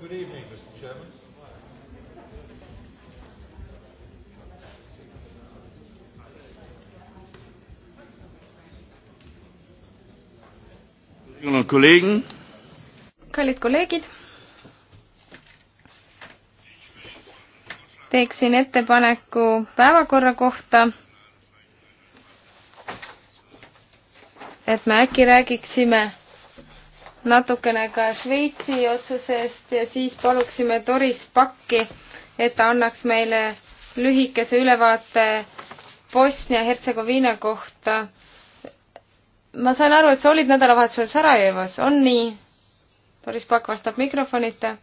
Good evening, Mr. Chairman. Kolleginnen und Kollegen. kallid kolleegid, teeksin ettepaneku päevakorra kohta, et me äkki räägiksime natukene ka Šveitsi otsusest ja siis paluksime Doris Pakki, et ta annaks meile lühikese ülevaate Bosnia-Hertsegoviina kohta. ma sain aru, et sa olid nädalavahetusel Sarajevas, on nii? Doris Pakk vastab mikrofonita.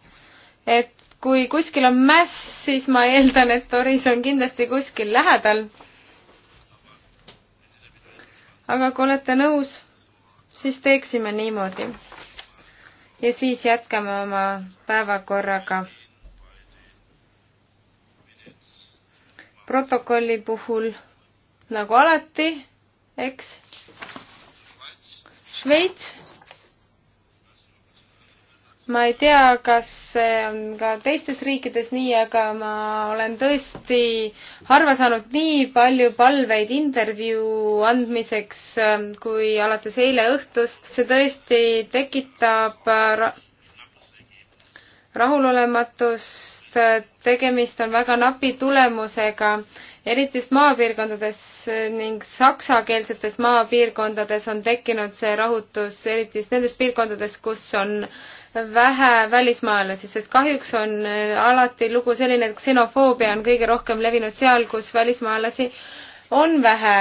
et kui kuskil on mäss, siis ma eeldan, et Doris on kindlasti kuskil lähedal. aga kui olete nõus, siis teeksime niimoodi ja siis jätkame oma päevakorraga. protokolli puhul nagu alati, eks. Šveits ma ei tea, kas see on ka teistes riikides nii, aga ma olen tõesti harva saanud nii palju palveid intervjuu andmiseks ähm, kui alates eile õhtust. see tõesti tekitab äh, ra rahulolematust, tegemist on väga napi tulemusega, eriti just maapiirkondades ning saksakeelsetes maapiirkondades on tekkinud see rahutus, eriti just nendes piirkondades, kus on vähe välismaalasi, sest kahjuks on äh, alati lugu selline, et ksenofoobia on kõige rohkem levinud seal, kus välismaalasi on vähe.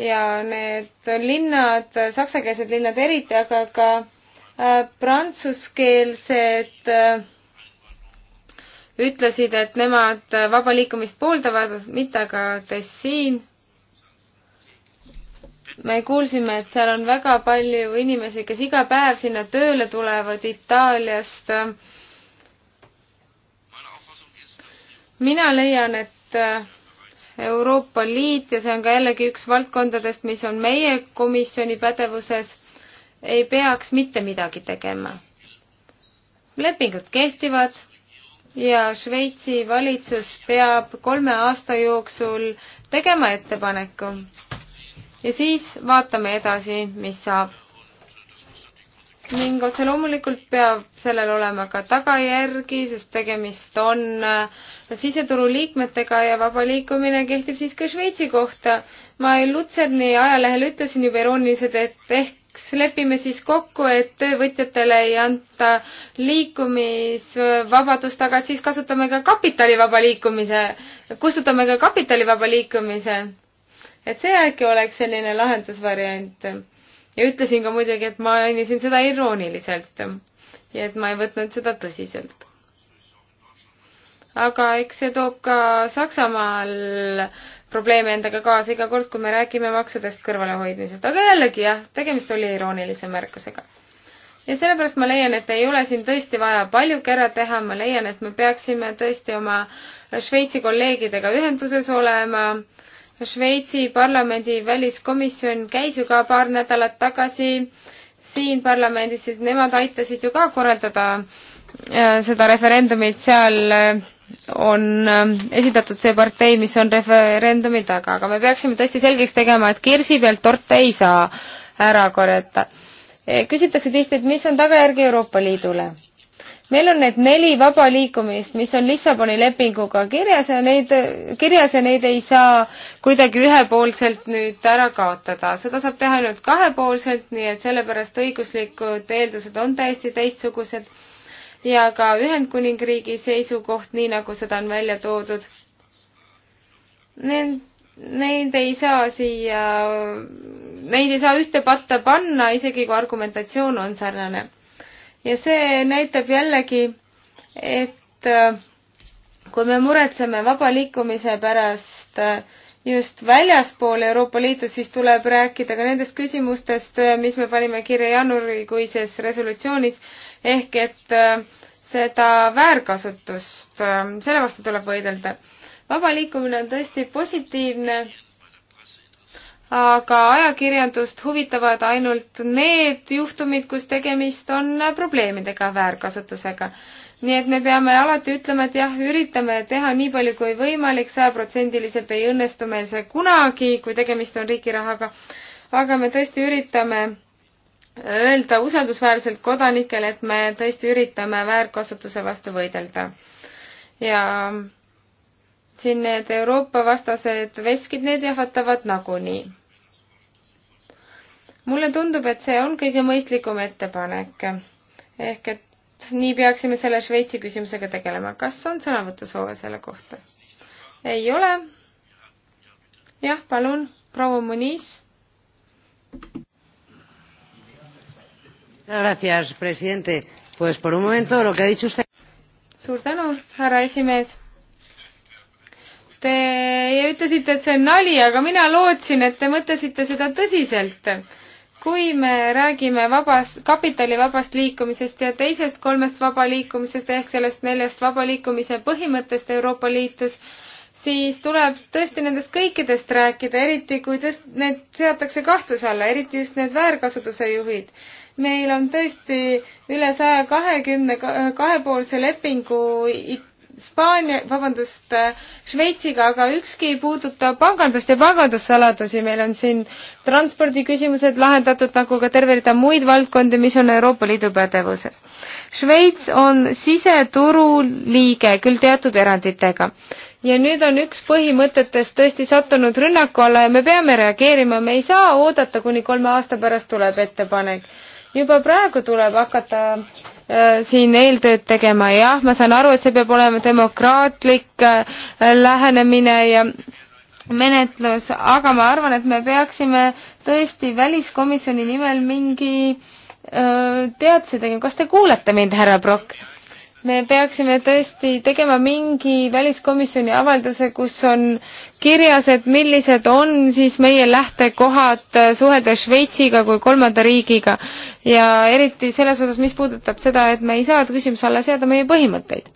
ja need linnad, äh, saksakeelsed linnad eriti, aga ka äh, prantsuskeelsed ütlesid, et nemad vaba liikumist pooldavad, mitte aga Tessin me kuulsime, et seal on väga palju inimesi, kes iga päev sinna tööle tulevad Itaaliast. mina leian, et äh, Euroopa Liit ja see on ka jällegi üks valdkondadest, mis on meie komisjoni pädevuses, ei peaks mitte midagi tegema. lepingud kehtivad ja Šveitsi valitsus peab kolme aasta jooksul tegema ettepaneku ja siis vaatame edasi, mis saab. ning otse loomulikult peab sellel olema ka tagajärgi, sest tegemist on äh, siseturu liikmetega ja vaba liikumine kehtib siis ka Šveitsi kohta. ma Lutserni ajalehel ütlesin juba irooniliselt, et ehk kas lepime siis kokku, et töövõtjatele ei anta liikumisvabadust, aga et siis kasutame ka kapitalivaba liikumise, kustutame ka kapitalivaba liikumise et see äkki oleks selline lahendusvariant. ja ütlesin ka muidugi, et ma mainisin seda irooniliselt ja et ma ei võtnud seda tõsiselt. aga eks see toob ka Saksamaal probleeme endaga kaasa iga kord, kui me räägime maksudest kõrvalehoidmisest, aga jällegi jah, tegemist oli iroonilise märkusega ja sellepärast ma leian, et ei ole siin tõesti vaja paljugi ära teha, ma leian, et me peaksime tõesti oma Šveitsi kolleegidega ühenduses olema äh, Šveitsi parlamendi väliskomisjon käis ju ka paar nädalat tagasi siin parlamendis, siis nemad aitasid ju ka korraldada äh, seda referendumit, seal äh, on äh, esindatud see partei, mis on referendumi taga, aga me peaksime tõesti selgeks tegema, et kirsi pealt torte ei saa ära korjata. küsitakse tihti, et mis on tagajärg Euroopa Liidule meil on need neli vaba liikumist, mis on Lissaboni lepinguga kirjas ja neid, kirjas ja neid ei saa kuidagi ühepoolselt nüüd ära kaotada. seda saab teha ainult kahepoolselt, nii et sellepärast õiguslikud eeldused on täiesti teistsugused ja ka Ühendkuningriigi seisukoht, nii nagu seda on välja toodud. Need, neid ei saa siia, neid ei saa ühte patta panna, isegi kui argumentatsioon on sarnane ja see näitab jällegi, et äh, kui me muretseme vaba liikumise pärast äh, just väljaspool Euroopa Liitu, siis tuleb rääkida ka nendest küsimustest, äh, mis me panime kirja jaanuarikuises resolutsioonis, ehk et seda väärkasutust, selle vastu tuleb võidelda. vaba liikumine on tõesti positiivne aga ajakirjandust huvitavad ainult need juhtumid, kus tegemist on probleemidega, väärkasutusega. nii et me peame alati ütlema, et jah, üritame teha nii palju kui võimalik, sajaprotsendiliselt ei õnnestu meil see kunagi, kui tegemist on riigi rahaga, aga me tõesti üritame öelda usaldusväärselt kodanikele, et me tõesti üritame väärkasutuse vastu võidelda. ja siin need Euroopa vastased veskid, need jahvatavad nagunii mulle tundub, et see on kõige mõistlikum ettepanek. ehk et nii peaksime selle Šveitsi küsimusega tegelema. kas on sõnavõtusoove selle kohta? ei ole. jah, palun, proua Muniz. Gracias, presidente. Pues por un momento lo que ha dicho usted. Suur tänu, härra esimees. Te ütlesite, et see on nali, aga mina lootsin, et te mõtlesite seda tõsiselt kui me räägime vabast, kapitali vabast liikumisest ja teisest kolmest vaba liikumisest ehk sellest neljast vaba liikumise põhimõttest Euroopa Liitus, siis tuleb tõesti nendest kõikidest rääkida, eriti kui tõst-, need seatakse kahtluse alla, eriti just need väärkasutuse juhid. meil on tõesti üle saja kahekümne kahepoolse lepingu It Hispaania, vabandust, äh, Šveitsiga, aga ükski ei puuduta pangandust ja pangandussaladusi. meil on siin transpordiküsimused lahendatud nagu ka terve rida muid valdkondi, mis on Euroopa Liidu pädevuses. Šveits on siseturu liige, küll teatud eranditega. ja nüüd on üks põhimõtetest tõesti sattunud rünnaku alla ja me peame reageerima, me ei saa oodata, kuni kolme aasta pärast tuleb ettepanek. juba praegu tuleb hakata Äh, siin eeltööd tegema, jah, ma saan aru, et see peab olema demokraatlik äh, lähenemine ja menetlus, aga ma arvan, et me peaksime tõesti väliskomisjoni nimel mingi äh, teadse tegema. kas te kuulete mind, härra Brock? me peaksime tõesti tegema mingi väliskomisjoni avalduse, kus on kirjas, et millised on siis meie lähtekohad suhelda Šveitsiga kui kolmanda riigiga ja eriti selles osas, mis puudutab seda, et me ei saa küsimuse alla seada meie põhimõtteid.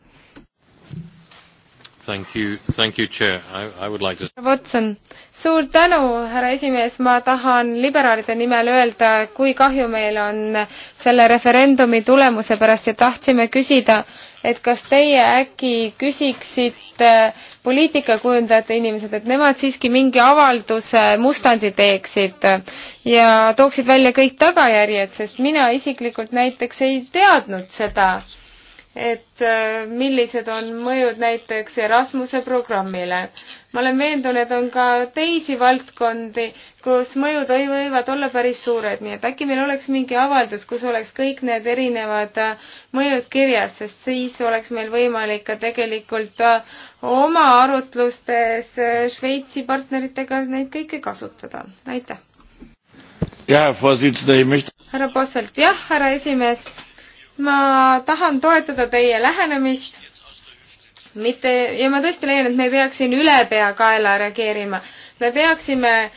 Like to... Watson, suur tänu, härra esimees, ma tahan liberaalide nimel öelda, kui kahju meil on selle referendumi tulemuse pärast ja tahtsime küsida, et kas teie äkki küsiksite poliitikakujundajate inimesed, et nemad siiski mingi avalduse mustandi teeksid ja tooksid välja kõik tagajärjed, sest mina isiklikult näiteks ei teadnud seda et äh, millised on mõjud näiteks Erasmuse programmile. ma olen veendunud, et on ka teisi valdkondi, kus mõjud võivad olla päris suured, nii et äkki meil oleks mingi avaldus, kus oleks kõik need erinevad äh, mõjud kirjas, sest siis oleks meil võimalik ka tegelikult äh, oma arutlustes Šveitsi partneritega neid kõiki kasutada. aitäh! härra Posselt, jah, härra esimees ma tahan toetada teie lähenemist, mitte, ja ma tõesti leian, et me ei peaks siin ülepeakaela reageerima. me peaksime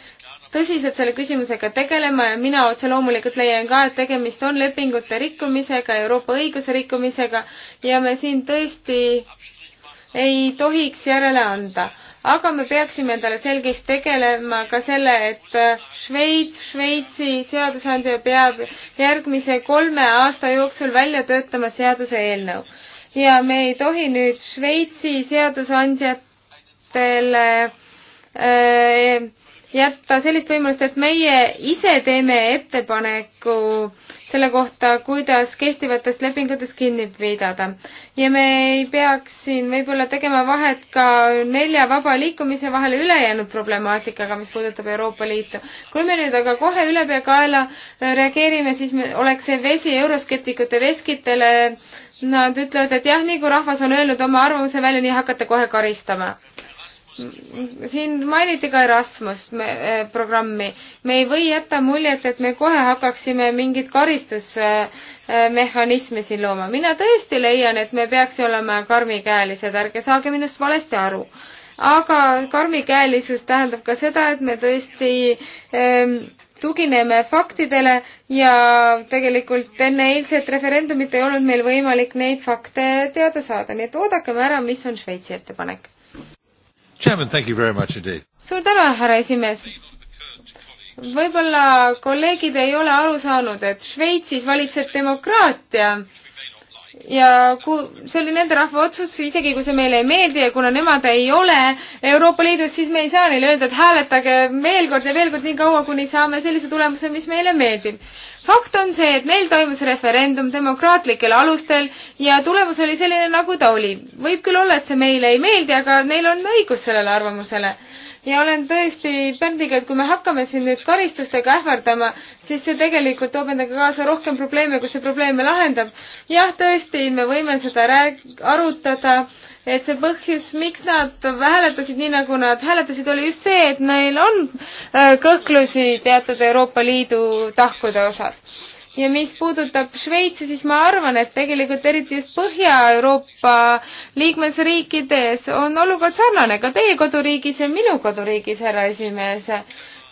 tõsiselt selle küsimusega tegelema ja mina otse loomulikult leian ka, et tegemist on lepingute rikkumisega, Euroopa õiguse rikkumisega ja me siin tõesti ei tohiks järele anda aga me peaksime endale selgeks tegelema ka selle, et äh, Šveits, Šveitsi seadusandja peab järgmise kolme aasta jooksul välja töötama seaduseelnõu. ja me ei tohi nüüd Šveitsi seadusandjatele äh, jätta sellist võimalust, et meie ise teeme ettepaneku äh, selle kohta, kuidas kehtivatest lepingutest kinni pidada. ja me ei peaks siin võib-olla tegema vahet ka nelja vaba liikumise vahele ülejäänud problemaatikaga, mis puudutab Euroopa Liitu. kui me nüüd aga kohe ülepeakaela reageerime, siis me, oleks see vesi euroskeptikute veskitele. Nad ütlevad, et jah, nii kui rahvas on öelnud oma arvamuse välja, nii hakata kohe karistama siin mainiti ka Erasmus eh, programmi. me ei või jätta muljet, et me kohe hakkaksime mingit karistusmehhanismi siin looma. mina tõesti leian, et me peaks olema karmikäelised, ärge saage minust valesti aru. aga karmikäelisus tähendab ka seda, et me tõesti ähm, tugineme faktidele ja tegelikult enne eilset referendumit ei olnud meil võimalik neid fakte teada saada, nii et oodakem ära, mis on Šveitsi ettepanek suur tänu, härra esimees võib-olla kolleegid ei ole aru saanud, et Šveitsis valitseb demokraatia ja kui see oli nende rahva otsus, isegi kui see meile ei meeldi ja kuna nemad ei ole Euroopa Liidus, siis me ei saa neile öelda, et hääletage veel kord ja veel kord nii kaua, kuni saame sellise tulemuse, mis meile meeldib. fakt on see, et neil toimus referendum demokraatlikel alustel ja tulemus oli selline, nagu ta oli. võib küll olla, et see meile ei meeldi, aga neil on õigus sellele arvamusele ja olen tõesti Pärdiga, et kui me hakkame siin nüüd karistustega ähvardama, siis see tegelikult toob endaga kaasa rohkem probleeme, kui see probleeme lahendab. jah, tõesti, me võime seda rääg-, arutada, et see põhjus, miks nad hääletasid nii, nagu nad hääletasid, oli just see, et neil on äh, kõhklusi teatud Euroopa Liidu tahkude osas ja mis puudutab Šveitsi, siis ma arvan, et tegelikult eriti just Põhja-Euroopa liikmesriikides on olukord sarnane ka teie koduriigis ja minu koduriigis, härra esimees.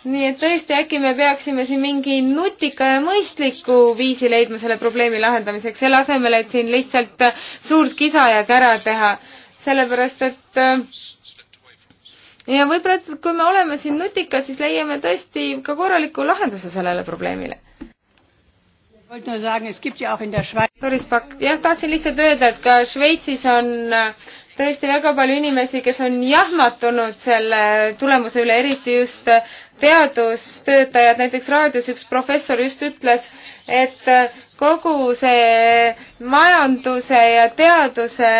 nii et tõesti, äkki me peaksime siin mingi nutika ja mõistliku viisi leidma selle probleemi lahendamiseks, selle asemel, et siin lihtsalt suurt kisa ja kära teha. sellepärast, et äh, ja võib-olla, et kui me oleme siin nutikad, siis leiame tõesti ka korraliku lahenduse sellele probleemile Doris Pakk, jah, tahtsin lihtsalt öelda, et ka Šveitsis on äh, tõesti väga palju inimesi, kes on jahmatunud selle tulemuse üle, eriti just äh, teadustöötajad, näiteks raadios üks professor just ütles, et äh, kogu see majanduse ja teaduse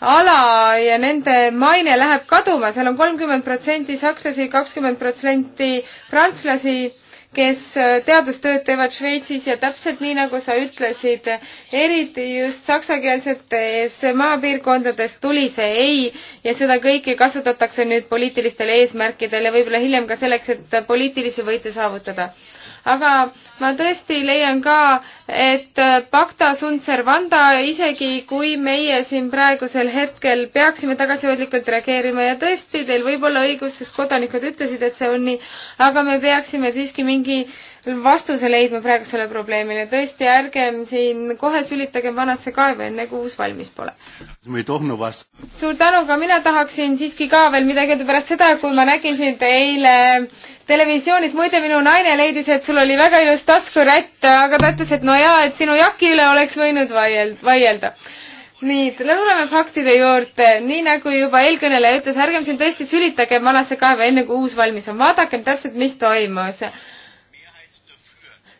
ala ja nende maine läheb kaduma, seal on kolmkümmend protsenti sakslasi, kakskümmend protsenti prantslasi kes äh, teadustööd teevad Šveitsis ja täpselt nii, nagu sa ütlesid, eriti just saksakeelsetes maapiirkondades tuli see ei ja seda kõike kasutatakse nüüd poliitilistel eesmärkidel ja võib-olla hiljem ka selleks, et poliitilisi võite saavutada aga ma tõesti leian ka, et pacta sunt servanda, isegi kui meie siin praegusel hetkel peaksime tagasihoidlikult reageerima ja tõesti, teil võib olla õigus, sest kodanikud ütlesid, et see on nii, aga me peaksime siiski mingi äh, vastuse leidma praegusele probleemile. tõesti, ärgem siin kohe sülitagem vanasse kaevu, enne kui uus valmis pole. suur tänu, ka mina tahaksin siiski ka veel midagi öelda pärast seda, kui ma nägin sind eile televisioonis. muide, minu naine leidis, et sul oli väga ilus taskurätt, aga ta ütles, et no jaa, et sinu jaki üle oleks võinud vaielda, vaielda nii, tuleme faktide juurde. nii nagu juba eelkõneleja ütles, ärgem siin tõesti sülitagem vanasse kaeva, enne kui uus valmis on. vaadakem täpselt, mis toimus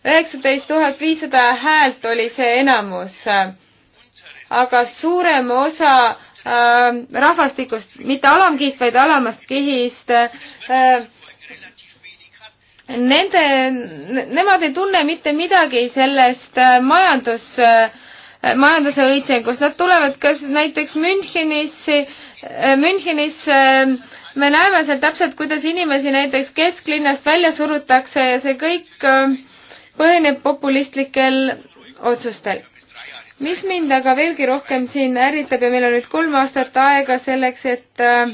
üheksateist tuhat viissada häält oli see enamus. aga suurem osa äh, rahvastikust, mitte alamkihist, vaid alamast kihist äh,, nende, nemad ei tunne mitte midagi sellest äh, majandus äh,, majanduse õitsengust, nad tulevad kas näiteks Münchenisse äh,, Münchenisse äh, me näeme seal täpselt, kuidas inimesi näiteks kesklinnast välja surutakse ja see kõik äh, põhineb populistlikel otsustel. mis mind aga veelgi rohkem siin ärritab ja meil on nüüd kolm aastat aega selleks, et äh,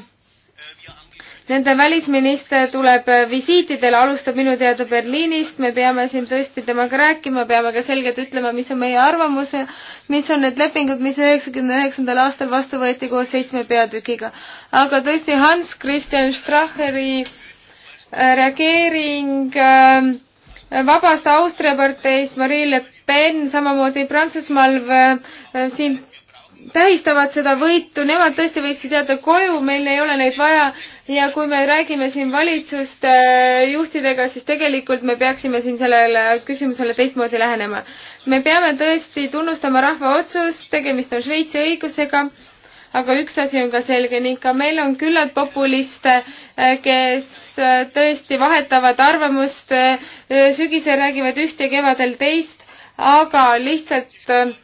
Nende välisminister tuleb äh, visiitidele, alustab minu teada Berliinist, me peame siin tõesti temaga rääkima, peame ka selgelt ütlema, mis on meie arvamus, mis on need lepingud, mis üheksakümne üheksandal aastal vastu võeti koos seitsme peatükiga. aga tõesti Hans Christian Stracheri äh, reageering äh, vabast Austria parteist Marie Le Pen, samamoodi Prantsusmaal äh, äh, siin tähistavad seda võitu, nemad tõesti võiksid jääda koju, meil ei ole neid vaja ja kui me räägime siin valitsuste äh, juhtidega, siis tegelikult me peaksime siin sellele küsimusele teistmoodi lähenema. me peame tõesti tunnustama rahva otsust, tegemist on Šveitsi õigusega aga üks asi on ka selge ning ka meil on küllalt populiste, eh, kes eh, tõesti vahetavad arvamust, eh, sügisel räägivad üht ja kevadel teist, aga lihtsalt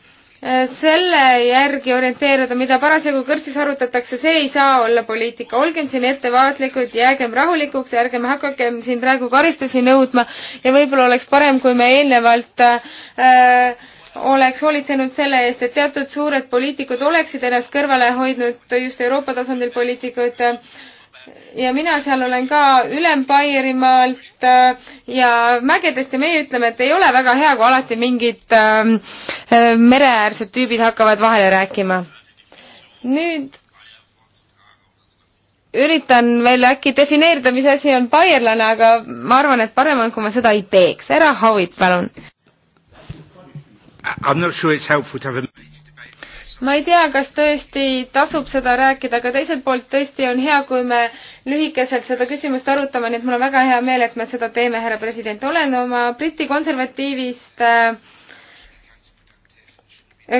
selle järgi orienteeruda, mida parasjagu kõrtsis arutatakse, see ei saa olla poliitika. olgem siin ettevaatlikud, jäägem rahulikuks, ärgem hakakem siin praegu karistusi nõudma ja võib-olla oleks parem, kui me eelnevalt äh, oleks hoolitsenud selle eest, et teatud suured poliitikud oleksid ennast kõrvale hoidnud just Euroopa tasandil poliitikud ja mina seal olen ka Ülem-Baierimaalt äh, ja mägedest ja meie ütleme, et ei ole väga hea, kui alati mingid ähm, äh, mereäärsed tüübid hakkavad vahele rääkima. nüüd üritan veel äkki defineerida, mis asi on baierlane, aga ma arvan, et parem on, kui ma seda ei teeks. härra Howitt, palun ma ei tea, kas tõesti tasub seda rääkida, aga teiselt poolt tõesti on hea, kui me lühikeselt seda küsimust arutame, nii et mul on väga hea meel, et me seda teeme, härra president. olen oma Briti konservatiivist äh,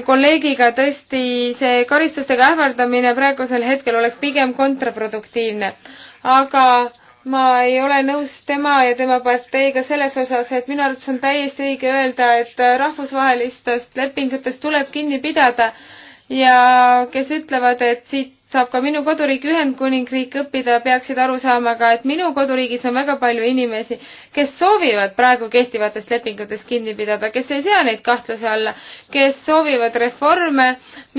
kolleegiga tõesti see karistustega ähvardamine praegusel hetkel oleks pigem kontraproduktiivne. aga ma ei ole nõus tema ja tema parteiga selles osas, et minu arvates on täiesti õige öelda, et rahvusvahelistest lepingutest tuleb kinni pidada ja kes ütlevad, et siit saab ka minu koduriik Ühendkuningriik õppida, peaksid aru saama ka, et minu koduriigis on väga palju inimesi, kes soovivad praegu kehtivatest lepingutest kinni pidada, kes ei sea neid kahtluse alla, kes soovivad reforme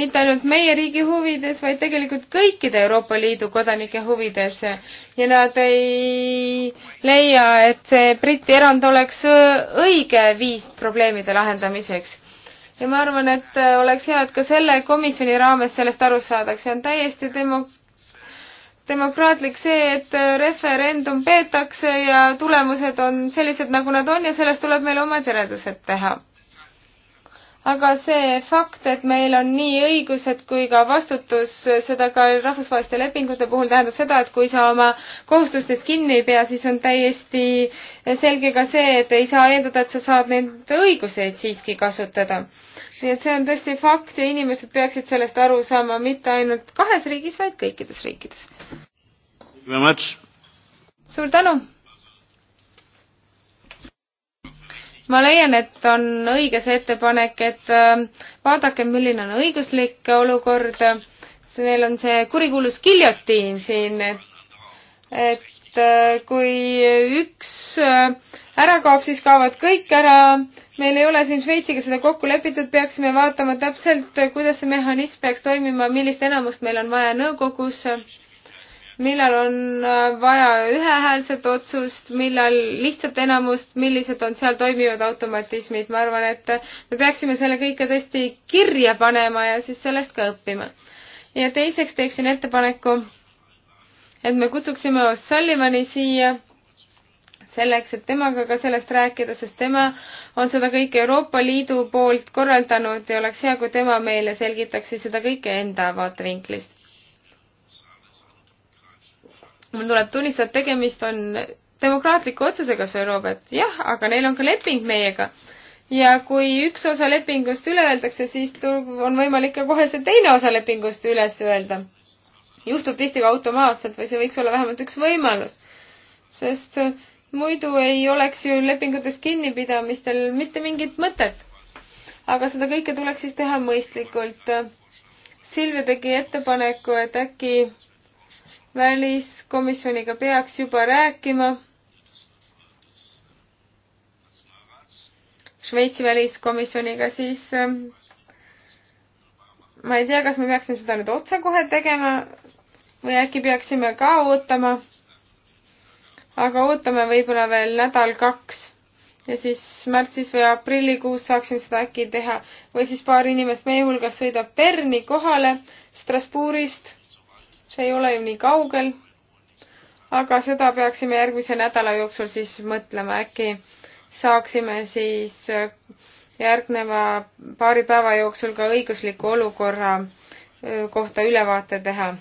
mitte ainult meie riigi huvides, vaid tegelikult kõikide Euroopa Liidu kodanike huvides. ja nad ei leia, et see Briti erand oleks õige viis probleemide lahendamiseks ja ma arvan, et äh, oleks hea, et ka selle komisjoni raames sellest aru saadakse, on täiesti demo-, demokraatlik see, et äh, referendum peetakse ja tulemused on sellised, nagu nad on ja sellest tuleb meil omad järeldused teha aga see fakt, et meil on nii õigused kui ka vastutus, seda ka rahvusvaheliste lepingute puhul tähendab seda, et kui sa oma kohustustest kinni ei pea, siis on täiesti selge ka see, et ei saa eeldada, et sa saad neid õiguseid siiski kasutada. nii et see on tõesti fakt ja inimesed peaksid sellest aru saama mitte ainult kahes riigis, vaid kõikides riikides. suur tänu! ma leian, et on õige see ettepanek, et äh, vaadake, milline on õiguslik olukord. meil on see kurikuulus giljotiin siin, et äh, kui üks äh, ära kaob, siis kaovad kõik ära. meil ei ole siin Šveitsiga seda kokku lepitud, peaksime vaatama täpselt, kuidas see mehhanism peaks toimima, millist enamust meil on vaja nõukogus millal on äh, vaja ühehäälset otsust, millal lihtsat enamust, millised on seal toimivad automatismid, ma arvan, et me peaksime selle kõike tõesti kirja panema ja siis sellest ka õppima. ja teiseks teeksin ettepaneku, et me kutsuksime O'Sullivani siia selleks, et temaga ka sellest rääkida, sest tema on seda kõike Euroopa Liidu poolt korraldanud ja oleks hea, kui tema meile selgitaks siis seda kõike enda vaatevinklist mul tuleb tunnistada, et tegemist on demokraatliku otsusega, Sir Robert, jah, aga neil on ka leping meiega. ja kui üks osa lepingust üle öeldakse, siis on võimalik ka kohe see teine osa lepingust üles öelda. juhtub tihti ka automaatselt või see võiks olla vähemalt üks võimalus. sest äh, muidu ei oleks ju lepingutest kinnipidamistel mitte mingit mõtet. aga seda kõike tuleks siis teha mõistlikult. Silvia tegi ettepaneku, et äkki väliskomisjoniga peaks juba rääkima. Šveitsi väliskomisjoniga, siis ähm, ma ei tea, kas me peaksime seda nüüd otsekohe tegema või äkki peaksime ka ootama. aga ootame võib-olla veel nädal-kaks ja siis märtsis või aprillikuus saaksime seda äkki teha või siis paar inimest meie hulgas sõidab Berni kohale Strasbourgist see ei ole ju nii kaugel. aga seda peaksime järgmise nädala jooksul siis mõtlema, äkki saaksime siis järgneva paari päeva jooksul ka õigusliku olukorra kohta ülevaate teha.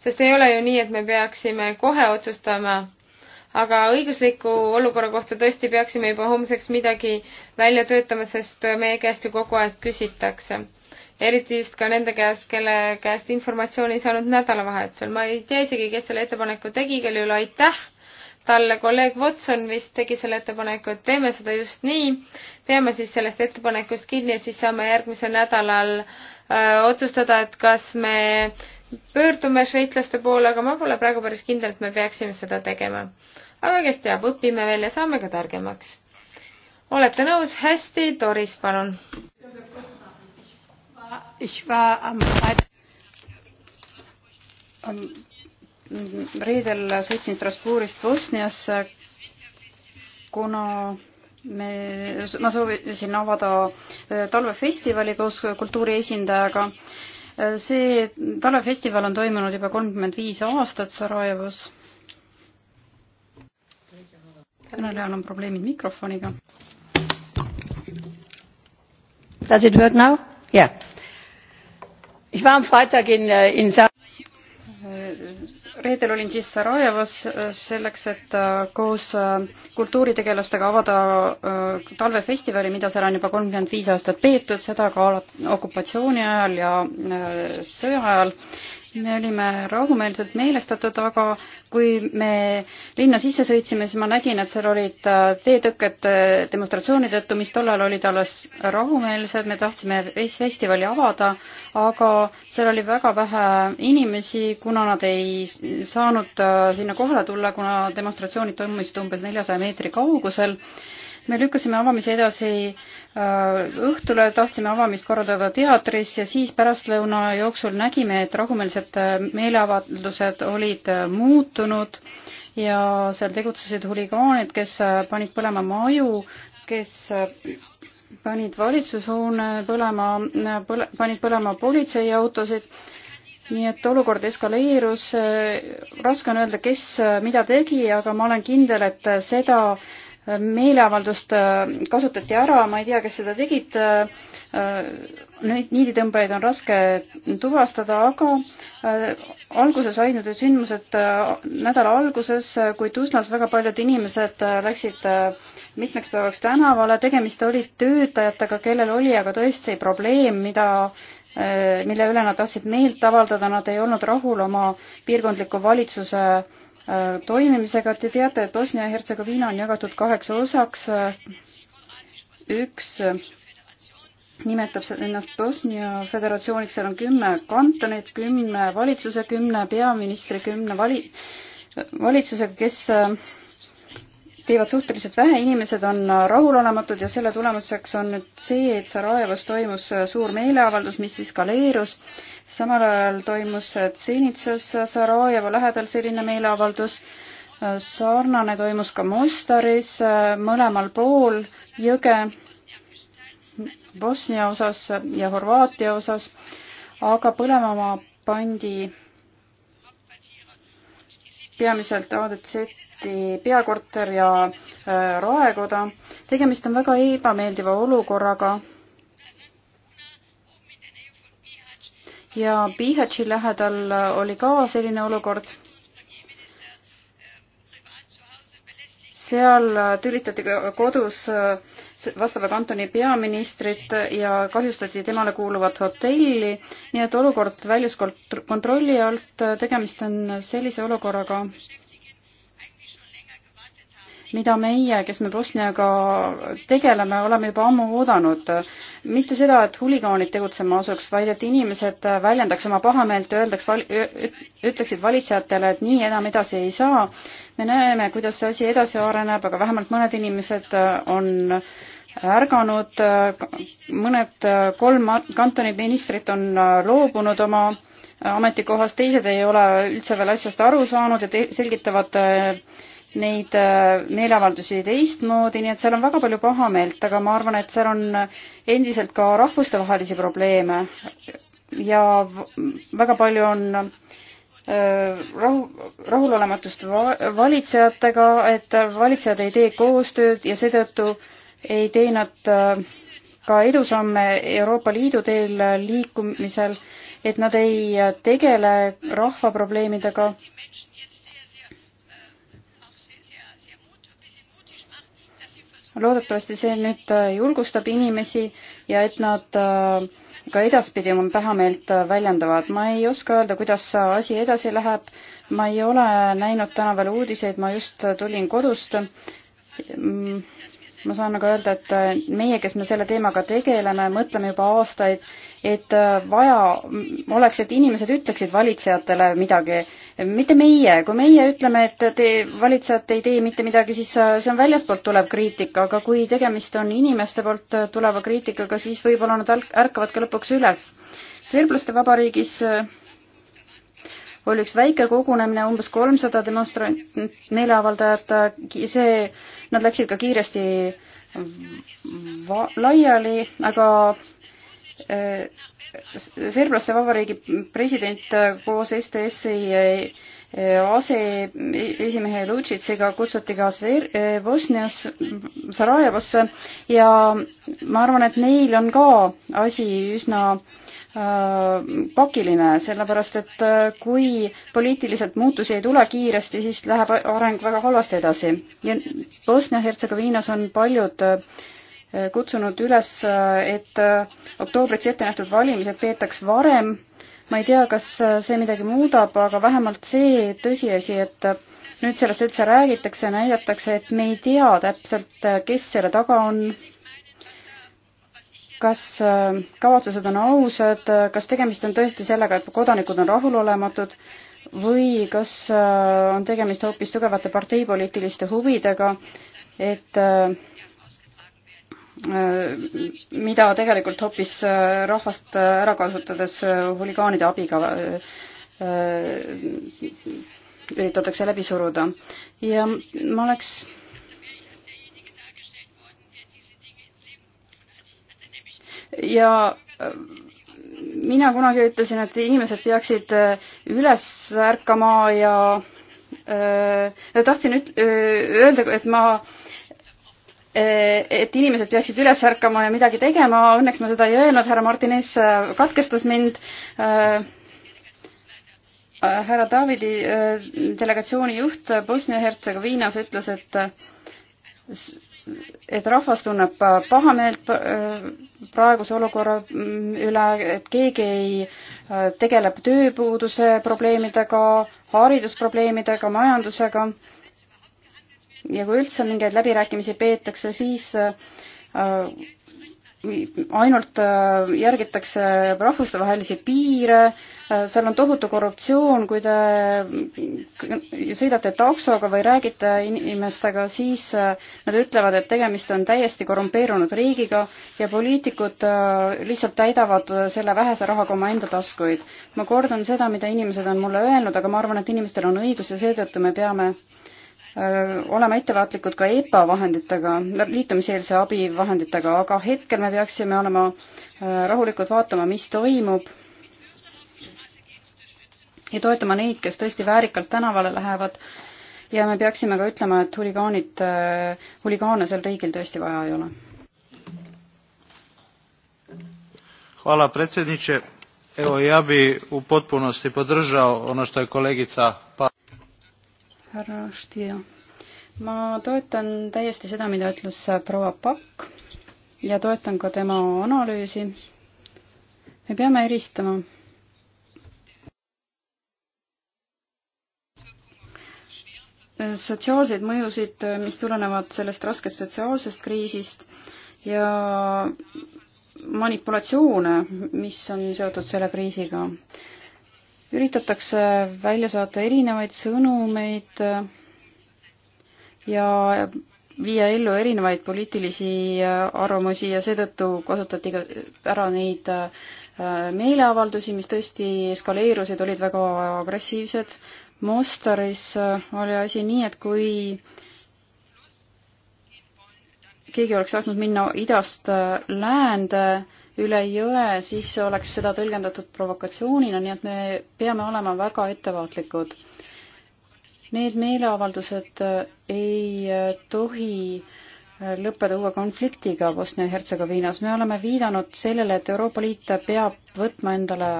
sest ei ole ju nii, et me peaksime kohe otsustama, aga õigusliku olukorra kohta tõesti peaksime juba homseks midagi välja töötama, sest meie käest ju kogu aeg küsitakse eriti just ka nende käest, kelle käest informatsiooni ei saanud nädalavahetusel. ma ei tea isegi, kes selle ettepaneku tegi, igal juhul aitäh talle, kolleeg Watson vist tegi selle ettepaneku, et teeme seda just nii. peame siis sellest ettepanekust kinni ja siis saame järgmisel nädalal öö, äh, otsustada, et kas me pöördume šveitslaste poole, aga ma pole praegu päris kindel, et me peaksime seda tegema. aga kes teab, õpime veel ja saame ka targemaks. olete nõus? hästi, Doris, palun. Ich war am Freitag reedel sõitsin Strasbourgist Bosniasse, kuna me, ma soovisin avada äh, talvefestivali koos kultuuri esindajaga. Äh, see talvefestival on toimunud juba kolmkümmend viis aastat Sarajevos. kõnelejal on probleemid mikrofoniga. Does it work now? Yeah Äh, reedel olin siis Sarajevas äh, selleks, et äh, koos kultuuritegelastega avada talvefestivali, mida seal on juba kolmkümmend viis aastat peetud, seda ka okupatsiooni ajal ja sõja ajal me olime rahumeelselt meelestatud, aga kui me linna sisse sõitsime, siis ma nägin, et seal olid äh, teetõkked äh, demonstratsiooni tõttu, mis tollal olid alles rahumeelsed, me tahtsime festivali avada, aga seal oli väga vähe inimesi, kuna nad ei saanud äh, sinna kohale tulla, kuna demonstratsioonid toimusid umbes neljasaja meetri kaugusel me lükkasime avamise edasi äh, õhtule, tahtsime avamist korraldada teatris ja siis pärastlõuna jooksul nägime, et rahumeelsed äh, meeleavaldused olid äh, muutunud ja seal tegutsesid huligaanid, kes panid põlema maju, kes panid valitsushoone põlema, põle-, panid põlema politseiautosid nii et olukord eskaleerus, raske on öelda, kes mida tegi, aga ma olen kindel, et seda meeleavaldust äh, kasutati ära, ma ei tea, kes seda tegid. Äh, neid niiditõmbajaid on raske tuvastada, aga äh, alguse said need sündmused nädala alguses, kui Tuzlas väga paljud inimesed läksid mitmeks päevaks tänavale, tegemist oli töötajatega, kellel oli aga tõesti probleem, mida mille üle nad tahtsid meelt avaldada, nad ei olnud rahul oma piirkondliku valitsuse Äh, toimimisega. Te teate, et Bosnia-Hertsegoviina on jagatud kaheks osaks. Äh, üks äh, nimetab ennast Bosnia Föderatsiooniks, seal on kümme kantonit, kümne valitsuse, kümne peaministri, kümne vali-, valitsusega, kes teevad suhteliselt vähe, inimesed on rahulolematud ja selle tulemuseks on nüüd see, et Sarajevos toimus suur meeleavaldus, mis eskaleerus siis samal ajal toimus Tsenitsas Sarajeva lähedal selline meeleavaldus, sarnane toimus ka Mustaris, mõlemal pool jõge Bosnia osas ja Horvaatia osas, aga põlema pandi peamiselt ADC-ti peakorter ja äh, raekoda. tegemist on väga ebameeldiva olukorraga ja Bihatši lähedal oli ka selline olukord. seal tülitati kodus vastava kantoni peaministrit ja kahjustati temale kuuluvat hotelli, nii et olukord väljus kontrolli alt, tegemist on sellise olukorraga, mida meie, kes me Bosniaga tegeleme, oleme juba ammu oodanud. mitte seda, et huligaanid tegutsema asuks, vaid et inimesed väljendaks oma pahameelt, öeldaks, ütleksid valitsejatele, et nii enam edasi ei saa. me näeme, kuidas see asi edasi areneb, aga vähemalt mõned inimesed äh, on ärganud, mõned äh, kolm kantoni ministrit on äh, loobunud oma ametikohast, teised ei ole üldse veel asjast aru saanud ja selgitavad äh, neid äh, meeleavaldusi teistmoodi, nii et seal on väga palju pahameelt, aga ma arvan, et seal on endiselt ka rahvustevahelisi probleeme ja väga palju on äh, rahu, rahulolematust valitsejatega, et valitsejad ei tee koostööd ja seetõttu ei tee nad äh, ka edusamme Euroopa Liidu teel liikumisel, et nad ei tegele rahva probleemidega loodetavasti see nüüd äh, julgustab inimesi ja et nad äh, ka edaspidi oma pahameelt äh, väljendavad. ma ei oska öelda, kuidas asi edasi läheb. ma ei ole näinud täna veel uudiseid, ma just tulin kodust. Mm, ma saan aga öelda, et meie, kes me selle teemaga tegeleme, mõtleme juba aastaid, et äh, vaja oleks, et inimesed ütleksid valitsejatele midagi, mitte meie, kui meie ütleme, et te, valitsejad ei tee mitte midagi, siis äh, see on väljaspoolt tulev kriitika, aga kui tegemist on inimeste poolt äh, tuleva kriitikaga, siis võib-olla nad ärkavad ka lõpuks üles. serblaste vabariigis oli üks väike kogunemine, umbes kolmsada demonstrant-, meeleavaldajat, see, nad läksid ka kiiresti va-, laiali, aga Äh, serblaste vabariigi president äh, koos STS-i äh, aseesimehe Lutšitsiga kutsuti ka Bosnias Sarajevosse ja ma arvan, et neil on ka asi üsna pakiline, sellepärast et kui poliitiliselt muutusi ei tule kiiresti, siis läheb areng väga halvasti edasi. Bosnia-Hertsegoviinas on paljud kutsunud üles, et oktoobriks ette nähtud valimised peetaks varem. ma ei tea, kas see midagi muudab, aga vähemalt see tõsiasi, et nüüd sellest üldse räägitakse, näidatakse, et me ei tea täpselt, kes selle taga on, kas kavatsused on ausad, kas tegemist on tõesti sellega, et kodanikud on rahulolematud või kas on tegemist hoopis tugevate parteipoliitiliste huvidega, et äh, Äh, mida tegelikult hoopis äh, rahvast äh, ära kasutades huligaanide abiga üritatakse läbi suruda. ja ma oleks ja mina kunagi ütlesin, et inimesed peaksid üles ärkama ja öö, tahtsin üt-, öö, öelda, et ma öö, Eh, et inimesed peaksid üles ärkama ja midagi tegema, õnneks ma seda ei öelnud, härra Martines eh, katkestas mind eh, härra Davidi delegatsiooni juht Bosnia-Hertsegoviinas ütles, et et rahvas tunneb pahameelt praeguse olukorra mm, üle, et keegi ei tegeleb tööpuuduse probleemidega, haridusprobleemidega, majandusega ja kui üldse mingeid läbirääkimisi peetakse, siis äh, ainult äh, järgitakse rahvusvahelisi piire, äh, seal on tohutu korruptsioon, kui te sõidate taksoga või räägite inimestega, siis nad ütlevad, et tegemist on täiesti korrumpeerunud riigiga ja poliitikud lihtsalt täidavad selle vähese rahaga omaenda taskuid. ma kordan seda, mida inimesed on mulle öelnud, aga ma arvan, et inimestel on õigus ja seetõttu me peame Äh, olema ettevaatlikud ka EPA vahenditega, liitumiseelse abi vahenditega, aga hetkel me peaksime olema äh, rahulikult vaatama, mis toimub ja toetama neid, kes tõesti väärikalt tänavale lähevad ja me peaksime ka ütlema, et huligaanid, äh, huligaane sel riigil tõesti vaja ei ole. Hvala predsjedniče. Evo ja bi u potpunosti podržao ono što je kolegica pa härra Štia. ma toetan täiesti seda, mida ütles proua Pakk ja toetan ka tema analüüsi. me peame eristama sotsiaalseid mõjusid, mis tulenevad sellest raskest sotsiaalsest kriisist ja manipulatsioone, mis on seotud selle kriisiga üritatakse välja saata erinevaid sõnumeid ja viia ellu erinevaid poliitilisi arvamusi ja seetõttu kasutati ka ära neid äh, meeleavaldusi, mis tõesti eskaleerusid, olid väga agressiivsed. Mostaris äh, oli asi nii, et kui keegi oleks tahtnud minna idast äh, läände, üle jõe, siis oleks seda tõlgendatud provokatsioonina, nii et me peame olema väga ettevaatlikud. Need meeleavaldused ei tohi lõppeda uue konfliktiga Bosnia-Hertsegoviinas. me oleme viidanud sellele, et Euroopa Liit peab võtma endale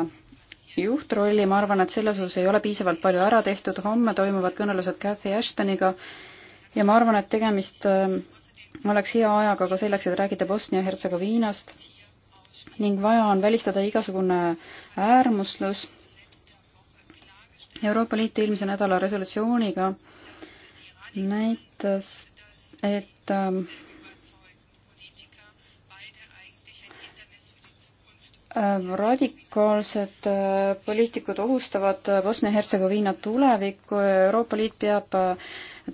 juhtrolli, ma arvan, et selles osas ei ole piisavalt palju ära tehtud, homme toimuvad kõnelused Cathy Ashtoniga ja ma arvan, et tegemist oleks hea ajaga ka selleks, et rääkida Bosnia-Hertsegoviinast ning vaja on välistada igasugune äärmuslus. Euroopa Liit eelmise nädala resolutsiooniga näitas, et ähm, äh, radikaalsed äh, poliitikud ohustavad äh, Bosnia-Hertsegoviina tulevikku, Euroopa Liit peab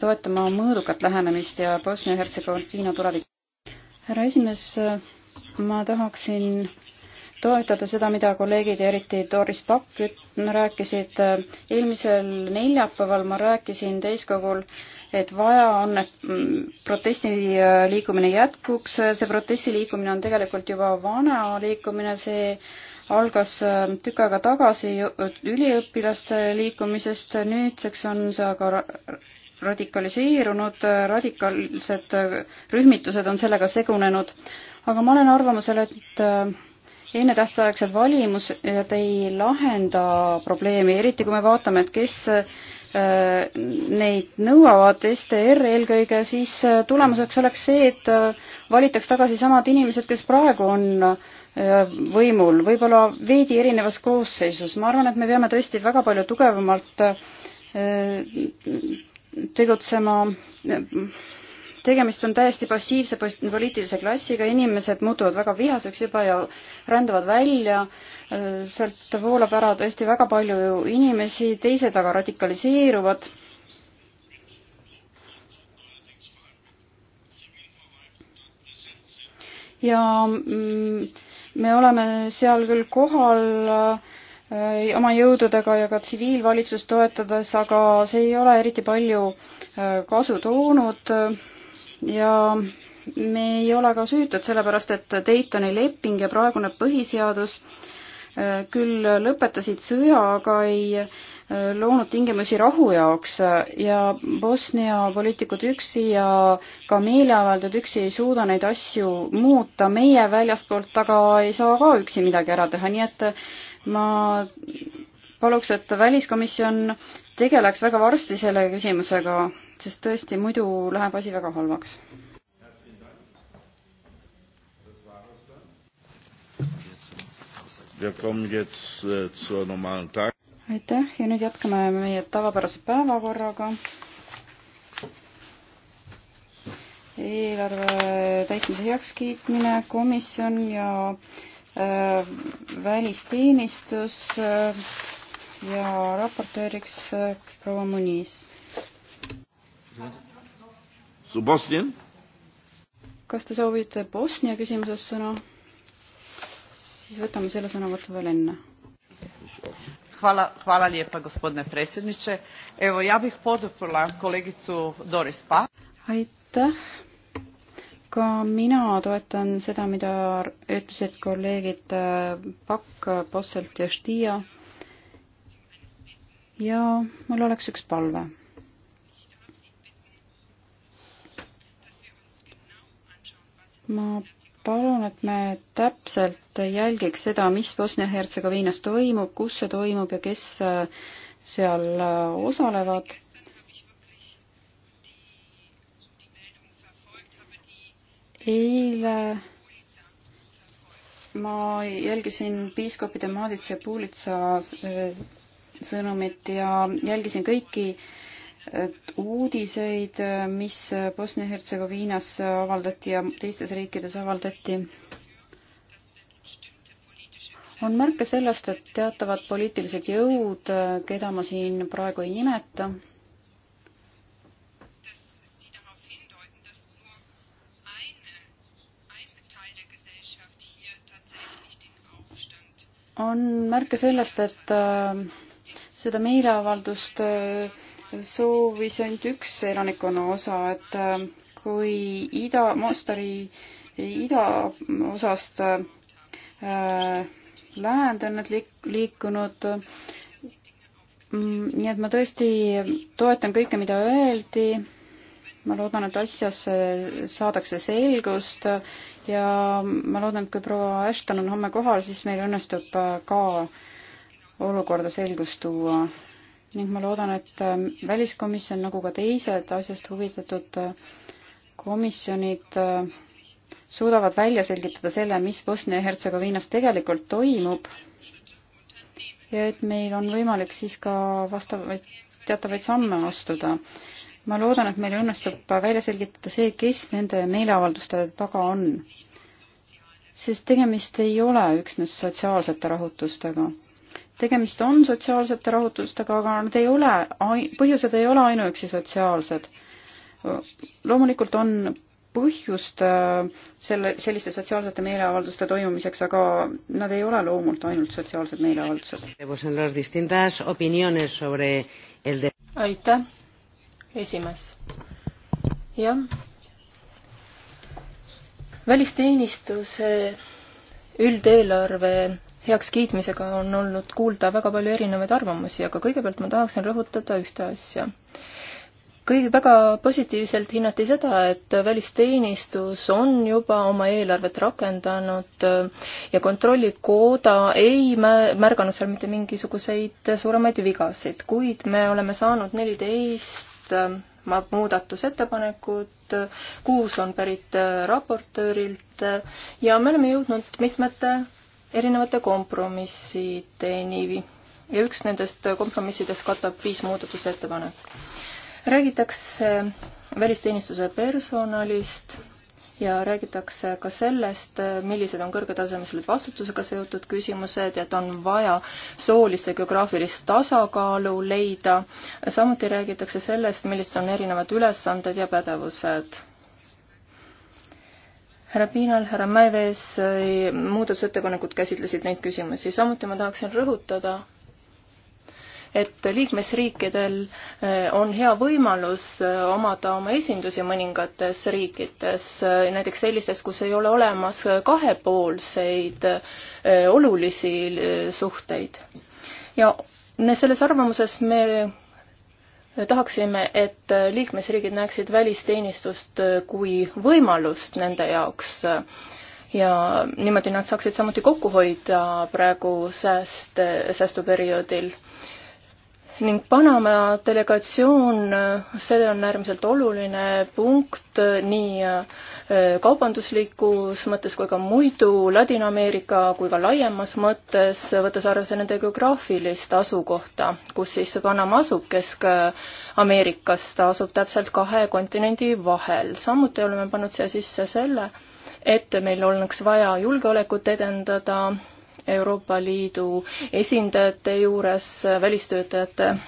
toetama mõõdukat lähenemist ja Bosnia-Hertsegoviina tulevikku. härra esimees, ma tahaksin toetada seda, mida kolleegid ja eriti Doris Pakk rääkisid. eelmisel neljapäeval ma rääkisin täiskogul, et vaja on, et protesti liikumine jätkuks. see protesti liikumine on tegelikult juba vana liikumine, see algas äh, tükk aega tagasi üliõpilaste liikumisest, nüüdseks on see aga radikaliseerunud, radikaalsed äh, rühmitused on sellega segunenud aga ma olen arvamusel, et äh, ennetähtaegsed valimused äh, ei lahenda probleemi, eriti kui me vaatame, et kes äh, neid nõuavad, STR eelkõige, siis tulemuseks oleks see, et valitaks tagasi samad inimesed, kes praegu on võimul, võib-olla veidi erinevas koosseisus. ma arvan, et me peame tõesti väga palju tugevamalt tegutsema tegemist on täiesti passiivse poliitilise klassiga, inimesed muutuvad väga vihaseks juba ja rändavad välja, sealt voolab ära tõesti väga palju inimesi, teised aga radikaliseeruvad ja mm, me oleme seal küll kohal äh, oma jõududega ja ka tsiviilvalitsust toetades, aga see ei ole eriti palju äh, kasu toonud ja me ei ole ka süütud, sellepärast et Daytoni leping ja praegune põhiseadus äh, küll lõpetasid sõja, aga ei äh, loonud tingimusi rahu jaoks ja Bosnia poliitikud üksi ja ka meeleavaldajad üksi ei suuda neid asju muuta, meie väljastpoolt aga ei saa ka üksi midagi ära teha, nii et äh, ma paluks, et väliskomisjon tegeleks väga varsti selle küsimusega sest tõesti, muidu läheb asi väga halvaks. Äh, aitäh ja nüüd jätkame meie tavapärase päevakorraga. eelarve täitmise heakskiitmine, komisjon ja äh, välisteenistus äh, ja raportööriks äh, proua Muniz So Bosnian? kas te soovite Bosnia küsimuses sõna? siis võtame selle sõnavõtu veel enne. Hvala, hvala lijepa gospodine predsjedniče. Evo ja bih poduprla kolegicu Doris Pa. aitäh. ka mina toetan seda, mida ütlesid kolleegid äh, Pakk, Posselt ja Štia. ja mul oleks üks palve ma palun, et me täpselt jälgiks seda, mis Bosnia-Hertsegoviinas toimub, kus see toimub ja kes äh, seal äh, osalevad. eile ma jälgisin piiskopide Maaditsa ja Pulitsa äh, sõnumit ja jälgisin kõiki äh, uudiseid, mis Bosnia-Hertsegoviinas avaldati ja teistes riikides avaldati, on märke sellest, et teatavad poliitilised jõud, keda ma siin praegu ei nimeta, on märke sellest, et äh, seda meeleavaldust äh, soovis ainult üks elanikkonna osa, et äh, kui ida, Mostari idaosast äh, läände on nad liik-, liikunud mm, nii et ma tõesti toetan kõike, mida öeldi. ma loodan, et asjasse saadakse selgust ja ma loodan, et kui proua Ashton on homme kohal, siis meil õnnestub äh, ka olukorda selgust tuua ning ma loodan, et äh, väliskomisjon nagu ka teised asjast huvitatud äh, komisjonid äh, suudavad välja selgitada selle, mis Bosnia-Hertsegoviinas tegelikult toimub ja et meil on võimalik siis ka vastavaid teatavaid samme astuda. ma loodan, et meil õnnestub välja selgitada see, kes nende meeleavalduste taga on. sest tegemist ei ole üksnes sotsiaalsete rahutustega tegemist on sotsiaalsete rahutustega, aga nad ei ole, põhjused ei ole ainuüksi sotsiaalsed. loomulikult on põhjust äh, selle, selliste sotsiaalsete meeleavalduste toimumiseks, aga nad ei ole loomult ainult sotsiaalsed meeleavaldused. aitäh, esimees. jah. välisteenistuse üldeelarve heakskiitmisega on olnud kuulda väga palju erinevaid arvamusi, aga kõigepealt ma tahaksin rõhutada ühte asja. kõige, väga positiivselt hinnati seda, et välisteenistus on juba oma eelarvet rakendanud äh, ja kontrollikooda ei märganud seal mitte mingisuguseid suuremaid vigasid, kuid me oleme saanud neliteist äh, muudatusettepanekud, kuus on pärit äh, raportöörilt ja me oleme jõudnud mitmete erinevate kompromissideni ja üks nendest kompromissidest katab viis muudatusettepanekut. räägitakse välisteenistuse personalist ja räägitakse ka sellest, millised on kõrgetasemelised vastutusega seotud küsimused, et on vaja soolist ja geograafilist tasakaalu leida. samuti räägitakse sellest, millised on erinevad ülesanded ja pädevused härra Piinal, härra Mäevees äh, muudatusettepanekud käsitlesid neid küsimusi, samuti ma tahaksin rõhutada, et liikmesriikidel äh, on hea võimalus äh, omada oma esindusi mõningates riikides, näiteks sellistes, kus ei ole olemas kahepoolseid olulisi suhteid. ja selles arvamuses me tahaksime, et liikmesriigid näeksid välisteenistust äh, kui võimalust nende jaoks ja niimoodi nad saaksid samuti kokku hoida praegu sääst, äh, säästuperioodil ning Panama delegatsioon, see on äärmiselt oluline punkt nii äh, kaubanduslikus mõttes kui ka muidu Ladina-Ameerika kui ka laiemas mõttes, võttes arvesse nende geograafilist asukohta, kus siis Panama asub Kesk-Ameerikas, ta asub täpselt kahe kontinendi vahel. samuti oleme pannud siia sisse selle, et meil oleks vaja julgeolekut edendada Euroopa Liidu esindajate juures välistöötajate, äh,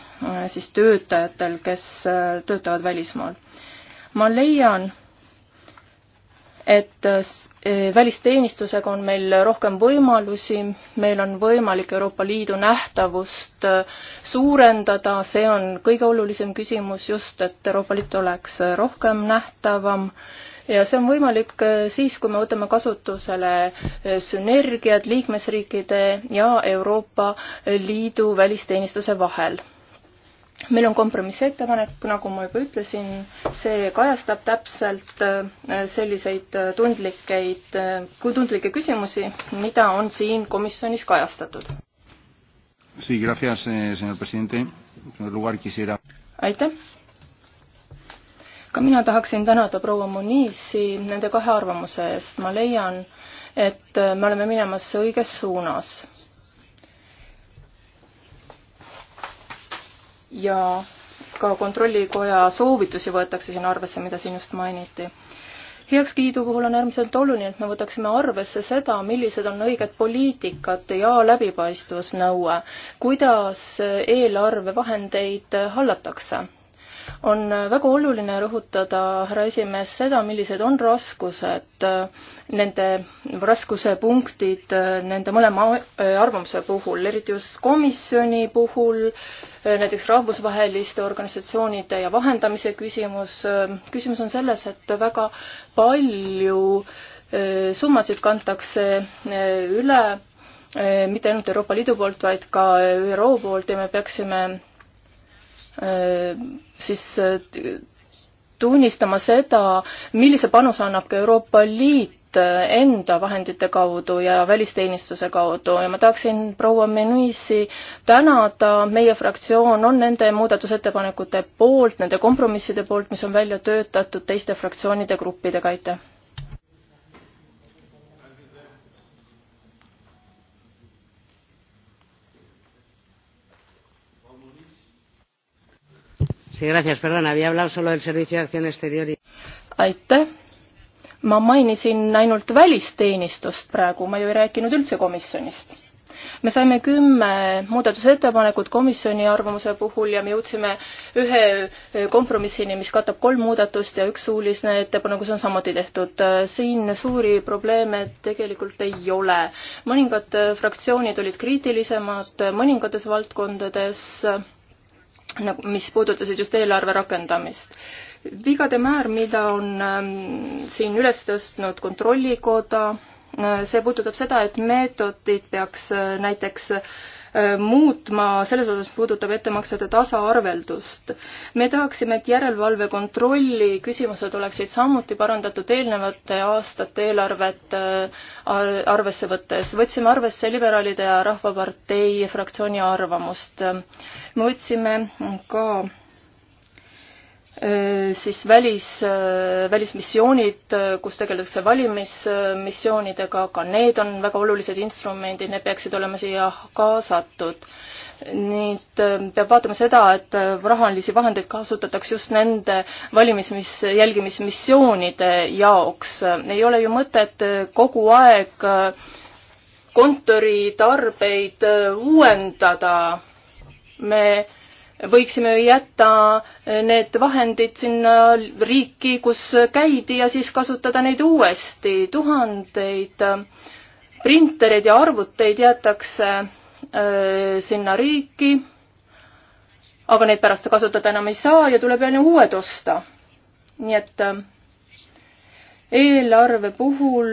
siis töötajatel, kes äh, töötavad välismaal. ma leian, et äh, välisteenistusega on meil rohkem võimalusi, meil on võimalik Euroopa Liidu nähtavust suurendada, see on kõige olulisem küsimus just, et Euroopa Liit oleks rohkem nähtavam ja see on võimalik äh, siis, kui me võtame kasutusele äh, sünergiad liikmesriikide ja Euroopa Liidu välisteenistuse vahel meil on kompromissettepanek, nagu ma juba ütlesin, see kajastab täpselt äh, selliseid tundlikeid, kui tundlikke küsimusi, mida on siin komisjonis kajastatud. Eh, aitäh, ka mina tahaksin tänada proua Munizi nende kahe arvamuse eest, ma leian, et me oleme minemas õiges suunas. ja ka Kontrollikoja soovitusi võetakse siin arvesse, mida siin just mainiti heakskiidu puhul on äärmiselt oluline, et me võtaksime arvesse seda, millised on õiged poliitikad ja läbipaistvusnõue, kuidas eelarvevahendeid hallatakse on väga oluline rõhutada, härra esimees, seda, millised on raskused, äh, nende raskusepunktid äh, nende mõlema äh, arvamuse puhul, eriti just komisjoni puhul, näiteks rahvusvaheliste organisatsioonide ja vahendamise küsimus. küsimus on selles, et väga palju summasid kantakse üle mitte ainult Euroopa Liidu poolt, vaid ka ÜRO poolt ja me peaksime Äh, siis äh, tunnistama seda, millise panuse annab ka Euroopa Liit äh, enda vahendite kaudu ja välisteenistuse kaudu ja ma tahaksin proua Menuisi tänada, meie fraktsioon on nende muudatusettepanekute poolt, nende kompromisside poolt, mis on välja töötatud teiste fraktsioonide gruppidega, aitäh! Sí, gracias, perdón, había hablado solo del servicio de acción exterior y... aitäh, ma mainisin ainult välisteenistust praegu, ma ju ei rääkinud üldse komisjonist. me saime kümme muudatusettepanekut komisjoni arvamuse puhul ja me jõudsime ühe kompromissini, mis katab kolm muudatust ja üks suuline ettepanek, see on samuti tehtud. siin suuri probleeme tegelikult ei ole. mõningad fraktsioonid olid kriitilisemad mõningates valdkondades nagu, mis puudutasid just eelarve rakendamist. vigade määr, mida on ähm, siin üles tõstnud Kontrollikoda, äh, see puudutab seda, et meetodid peaks äh, näiteks Äh, muutma selles osas, mis puudutab ettemaksete tasaarveldust. me tahaksime, et järelevalve kontrolli küsimused oleksid samuti parandatud eelnevate aastate eelarvet äh, arvesse võttes. võtsime arvesse liberaalide ja Rahvapartei fraktsiooni arvamust. me võtsime ka Äh, siis välis, äh, välismissioonid, äh, kus tegeldakse valimismissioonidega, ka need on väga olulised instrumendid, need peaksid olema siia kaasatud. nii et peab vaatama seda, et rahalisi vahendeid kasutatakse just nende valimismis, jälgimismissioonide jaoks. ei ole ju mõtet kogu aeg kontoritarbeid uuendada. me võiksime ju jätta need vahendid sinna riiki, kus käidi ja siis kasutada neid uuesti. tuhandeid printereid ja arvuteid jäetakse äh, sinna riiki, aga neid pärast kasutada enam ei saa ja tuleb jälle uued osta. nii et äh, eelarve puhul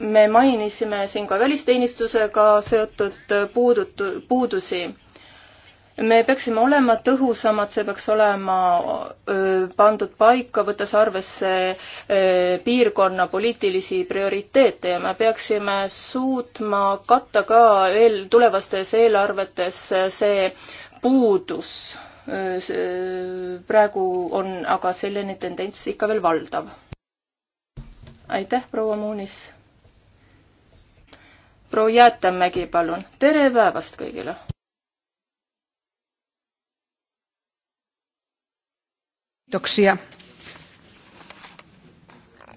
me mainisime siin ka välisteenistusega seotud puudutu-, puudusi me peaksime olema tõhusamad, see peaks olema pandud paika, võttes arvesse piirkonna poliitilisi prioriteete ja me peaksime suutma katta ka eel, tulevastes eelarvetes see puudus. praegu on aga selline tendents ikka veel valdav. aitäh, proua Muunis. proua Jäätemägi, palun, tere päevast kõigile! Kiitoksia.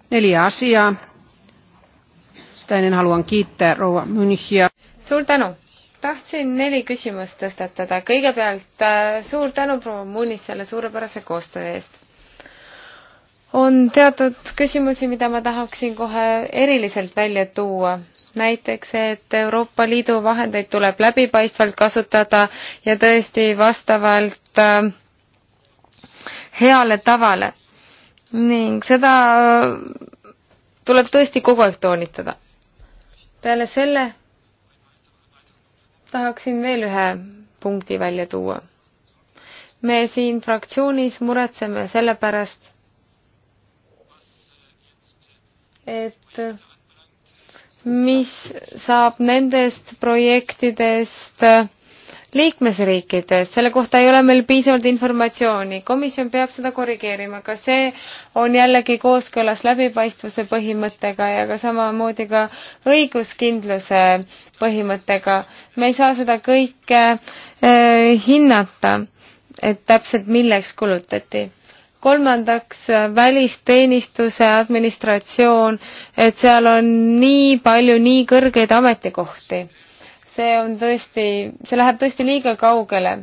Neljä asiaa. Sitä ennen haluan kiittää rouva Münchia. Suur tänu. Tahtsin neli küsimust tõstatada. Kõigepealt äh, suur tänu proua Munis selle suurepärase koostöö eest on teatud küsimusi, mida ma tahaksin kohe eriliselt välja tuua. näiteks, et Euroopa Liidu vahendeid tuleb läbipaistvalt kasutada ja tõesti vastavalt äh, heale tavale ning seda äh, tuleb tõesti kogu aeg toonitada. peale selle tahaksin veel ühe punkti välja tuua. me siin fraktsioonis muretseme selle pärast, et mis saab nendest projektidest, liikmesriikides, selle kohta ei ole meil piisavalt informatsiooni, komisjon peab seda korrigeerima, ka see on jällegi kooskõlas läbipaistvuse põhimõttega ja ka samamoodi ka õiguskindluse põhimõttega. me ei saa seda kõike eh, hinnata, et täpselt milleks kulutati kolmandaks välisteenistuse administratsioon, et seal on nii palju nii kõrgeid ametikohti see on tõesti, see läheb tõesti liiga kaugele.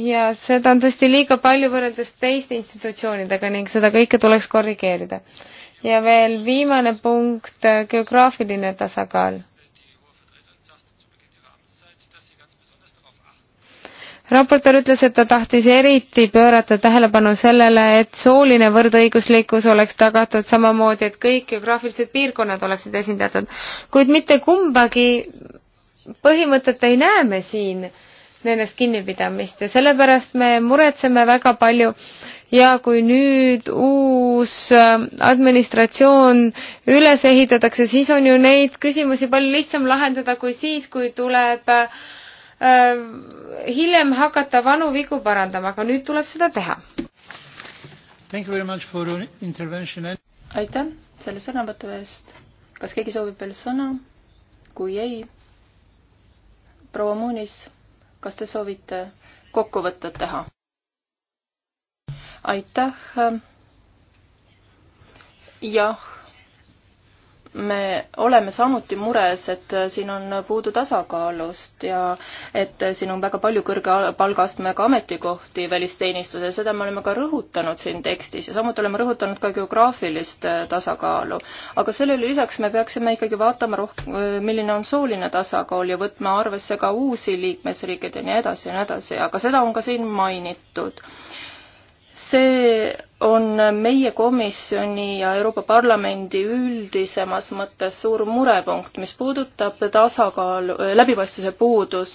ja seda on tõesti liiga palju võrreldes teiste institutsioonidega ning seda kõike tuleks korrigeerida. ja veel viimane punkt, geograafiline tasakaal raportöör ütles, et ta tahtis eriti pöörata tähelepanu sellele, et sooline võrdõiguslikkus oleks tagatud samamoodi, et kõik geograafilised piirkonnad oleksid esindatud. kuid mitte kumbagi põhimõtet ei näe me siin nendest kinnipidamist ja sellepärast me muretseme väga palju ja kui nüüd uus ähm, administratsioon üles ehitatakse, siis on ju neid küsimusi palju lihtsam lahendada kui siis, kui tuleb äh, Äh, hiljem hakata vanu vigu parandama, aga nüüd tuleb seda teha. aitäh selle sõnavõtu eest. kas keegi soovib veel sõna? kui ei, proua Muunis, kas te soovite kokkuvõtted teha? aitäh. jah me oleme samuti mures, et siin on puudu tasakaalust ja et siin on väga palju kõrge palgaastmega ametikohti välisteenistuses, seda me oleme ka rõhutanud siin tekstis ja samuti oleme rõhutanud ka geograafilist tasakaalu. aga sellele lisaks me peaksime ikkagi vaatama roh-, milline on sooline tasakaal ja võtma arvesse ka uusi liikmesriike ja nii edasi ja nii edasi, aga seda on ka siin mainitud see on meie komisjoni ja Euroopa Parlamendi üldisemas mõttes suur murepunkt, mis puudutab tasakaalu, läbipaistvuse puudus.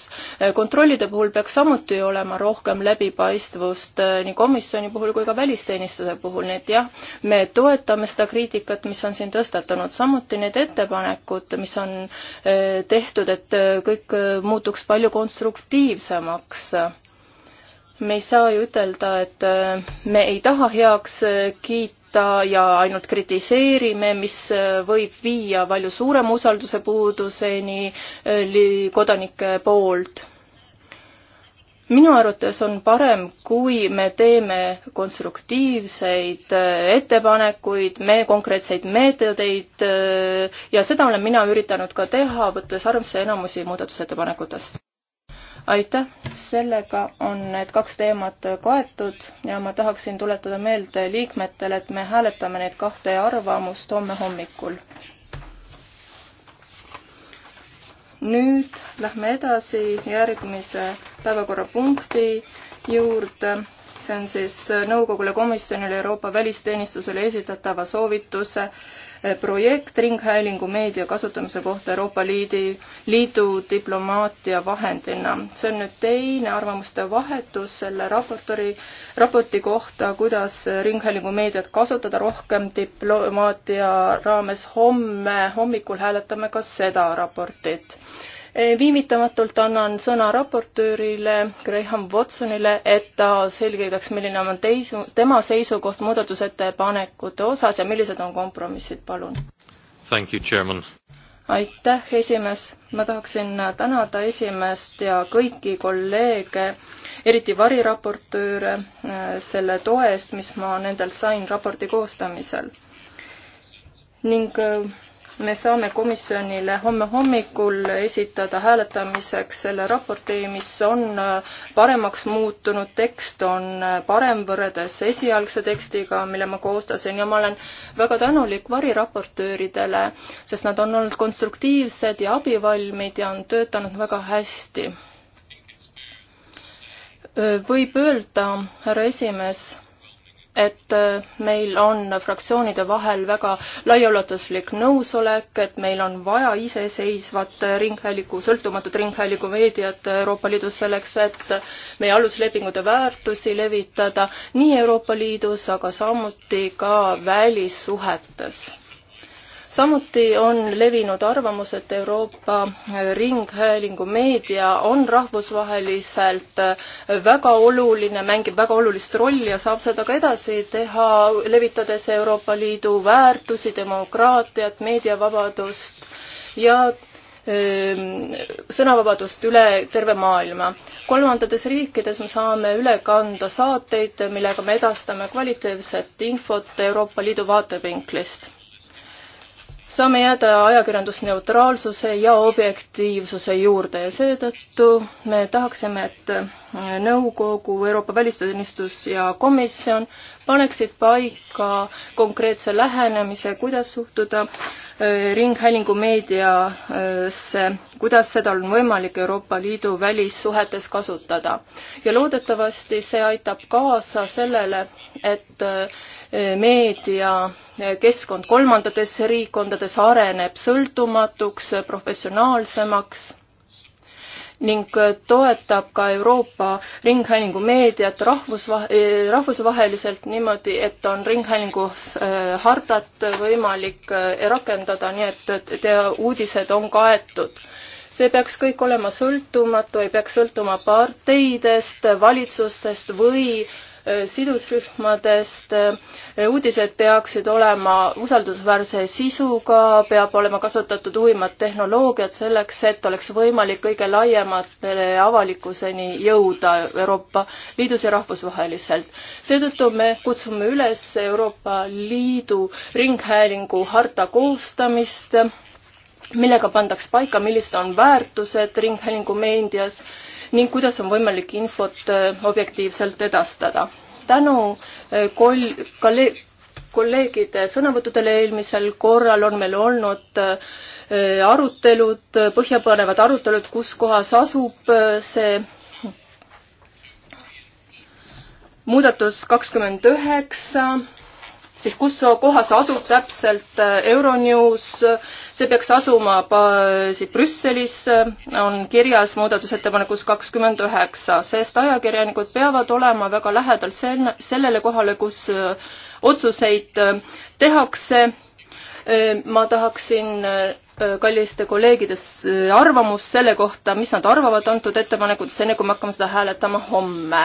kontrollide puhul peaks samuti olema rohkem läbipaistvust eh, nii komisjoni puhul kui ka välisteenistuse puhul, nii et jah, me toetame seda kriitikat, mis on siin tõstatunud, samuti need ettepanekud, mis on eh, tehtud, et kõik eh, muutuks palju konstruktiivsemaks me ei saa ju ütelda, et äh, me ei taha heaks äh, kiita ja ainult kritiseerime, mis äh, võib viia palju suurema usalduse puuduseni kodanike poolt minu arvates on parem, kui me teeme konstruktiivseid ettepanekuid, me konkreetseid meetodeid ja seda olen mina üritanud ka teha, võttes arvesse enamusi muudatusettepanekutest aitäh, sellega on need kaks teemat kaetud ja ma tahaksin tuletada meelde liikmetele, et me hääletame neid kahte arvamust homme hommikul. nüüd lähme edasi järgmise päevakorrapunkti juurde. see on siis nõukogule, komisjonile, Euroopa välisteenistusele esitatava soovituse projekt Ringhäälingu meedia kasutamise kohta Euroopa Liidi, Liidu diplomaatia vahendina. see on nüüd teine arvamuste vahetus selle raportori, raporti kohta, kuidas Ringhäälingu meediat kasutada rohkem diplomaatia raames. homme hommikul hääletame ka seda raportit Eh, viivitamatult annan sõna raportöörile Graham Watsonile, et ta selgitaks, milline on teisu, tema seisukoht muudatusettepanekute osas ja millised on kompromissid, palun. aitäh, esimees. ma tahaksin tänada esimeest ja kõiki kolleege, eriti variraportööre, eh, selle toe eest, mis ma nendelt sain raporti koostamisel ning eh, me saame komisjonile homme hommikul esitada hääletamiseks selle raporti, mis on äh, paremaks muutunud, tekst on äh, parem võrreldes esialgse tekstiga, mille ma koostasin ja ma olen väga tänulik variraportööridele, sest nad on olnud konstruktiivsed ja abivalmid ja on töötanud väga hästi. Äh, võib öelda, härra esimees et äh, meil on fraktsioonide vahel väga laiaulatuslik nõusolek, et meil on vaja iseseisvat ringhäälingu, sõltumatut ringhäälingu meediat Euroopa Liidus selleks, et meie aluslepingute väärtusi levitada nii Euroopa Liidus, aga samuti ka välissuhetes samuti on levinud arvamus, et Euroopa Ringhäälingumeedia on rahvusvaheliselt väga oluline, mängib väga olulist rolli ja saab seda ka edasi teha, levitades Euroopa Liidu väärtusi, demokraatiat, meediavabadust ja ehm, sõnavabadust üle terve maailma. kolmandates riikides me saame üle kanda saateid, millega me edastame kvaliteetset infot Euroopa Liidu vaatevinklist saame jääda ajakirjandusneutraalsuse ja objektiivsuse juurde ja seetõttu me tahaksime, et äh, nõukogu, Euroopa Välisteenistus ja komisjon paneksid paika konkreetse lähenemise, kuidas suhtuda äh, ringhäälingu meediasse, kuidas seda on võimalik Euroopa Liidu välissuhetes kasutada. ja loodetavasti see aitab kaasa sellele, et äh, meedia keskkond kolmandates riikkondades areneb sõltumatuks, professionaalsemaks ning toetab ka Euroopa Ringhäälingu meediat rahvusva-, rahvusvaheliselt niimoodi, et on Ringhäälingu äh, hartat võimalik äh, rakendada, nii et, et ja uudised on kaetud see peaks kõik olema sõltumatu, ei peaks sõltuma parteidest, valitsustest või äh, Äh, sidusrühmadest. Äh, uudised peaksid olema usaldusväärse sisuga, peab olema kasutatud uimat tehnoloogiat selleks, et oleks võimalik kõige laiematele avalikkuseni jõuda Euroopa Liidus ja rahvusvaheliselt. seetõttu me kutsume üles Euroopa Liidu Ringhäälingu harta koostamist millega pandaks paika, millised on väärtused Ringhäälingu meedias ning kuidas on võimalik infot äh, objektiivselt edastada. tänu äh, kol-, kolleeg-, kolleegide sõnavõttudele eelmisel korral on meil olnud äh, arutelud, põhjapanevad arutelud, kus kohas asub see muudatus kakskümmend üheksa siis kus kohas asub täpselt äh, Euronews, äh, see peaks asuma siit Brüsselis, on kirjas muudatusettepanekus kakskümmend üheksa, sest ajakirjanikud peavad olema väga lähedal sen-, sellele kohale, kus äh, otsuseid tehakse. ma tahaksin kalliste kolleegide arvamust selle kohta, mis nad arvavad antud ettepanekutest, enne kui me hakkame seda hääletama homme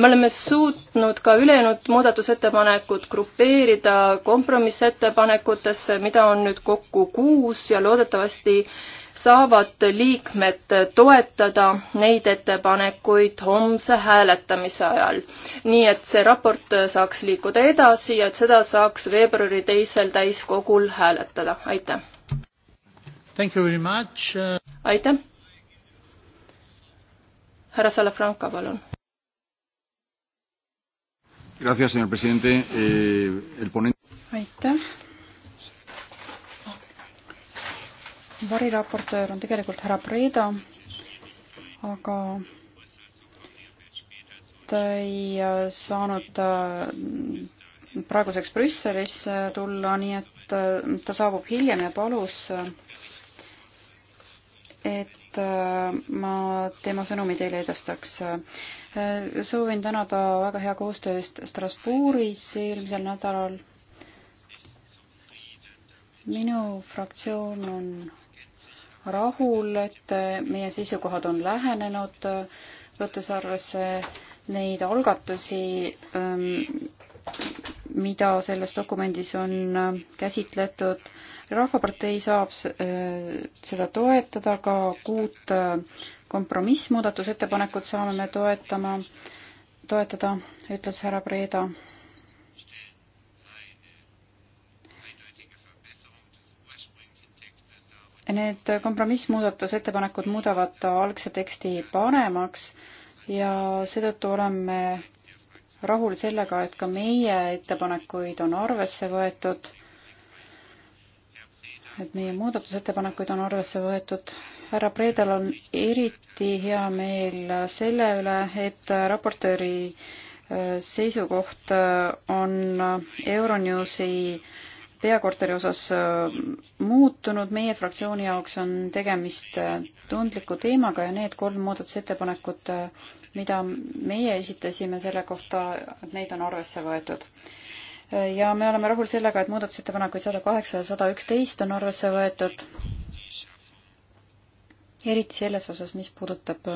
me oleme suutnud ka ülejäänud muudatusettepanekud grupeerida kompromissettepanekutesse, mida on nüüd kokku kuus ja loodetavasti saavad liikmed toetada neid ettepanekuid homse hääletamise ajal. nii et see raport saaks liikuda edasi ja et seda saaks veebruari teisel täiskogul hääletada, aitäh! aitäh! härra Salafranca, palun Gracias, señor presidente. Eh, el ponente... aitäh. variraportöör on tegelikult härra Preda, aga ta ei saanud äh, praeguseks Brüsselisse tulla, nii et äh, ta saabub hiljem ja palus, äh, et et äh, ma tema sõnumi teile edastaks. Äh, soovin tänada väga hea koostöö eest Strasbourgis eelmisel nädalal. minu fraktsioon on rahul, et meie seisukohad on lähenenud, võttes arvesse neid algatusi, ähm, mida selles dokumendis on äh, käsitletud. rahvapartei saab äh, seda toetada, ka kuut äh, kompromissmuudatusettepanekut saame me toetama, toetada, ütles härra Preeda. Need kompromissmuudatusettepanekud muudavad algse teksti paremaks ja seetõttu oleme rahul sellega, et ka meie ettepanekuid on arvesse võetud, et meie muudatusettepanekuid on arvesse võetud. härra Preedal on eriti hea meel selle üle, et raportööri äh, seisukoht äh, on Euronewsi peakorteri osas äh, muutunud, meie fraktsiooni jaoks on tegemist tundliku teemaga ja need kolm muudatusettepanekut mida meie esitasime selle kohta, et neid on arvesse võetud. ja me oleme rahul sellega, et muudatusettepanekuid sada kaheksa ja sada üksteist on arvesse võetud. eriti selles osas, mis puudutab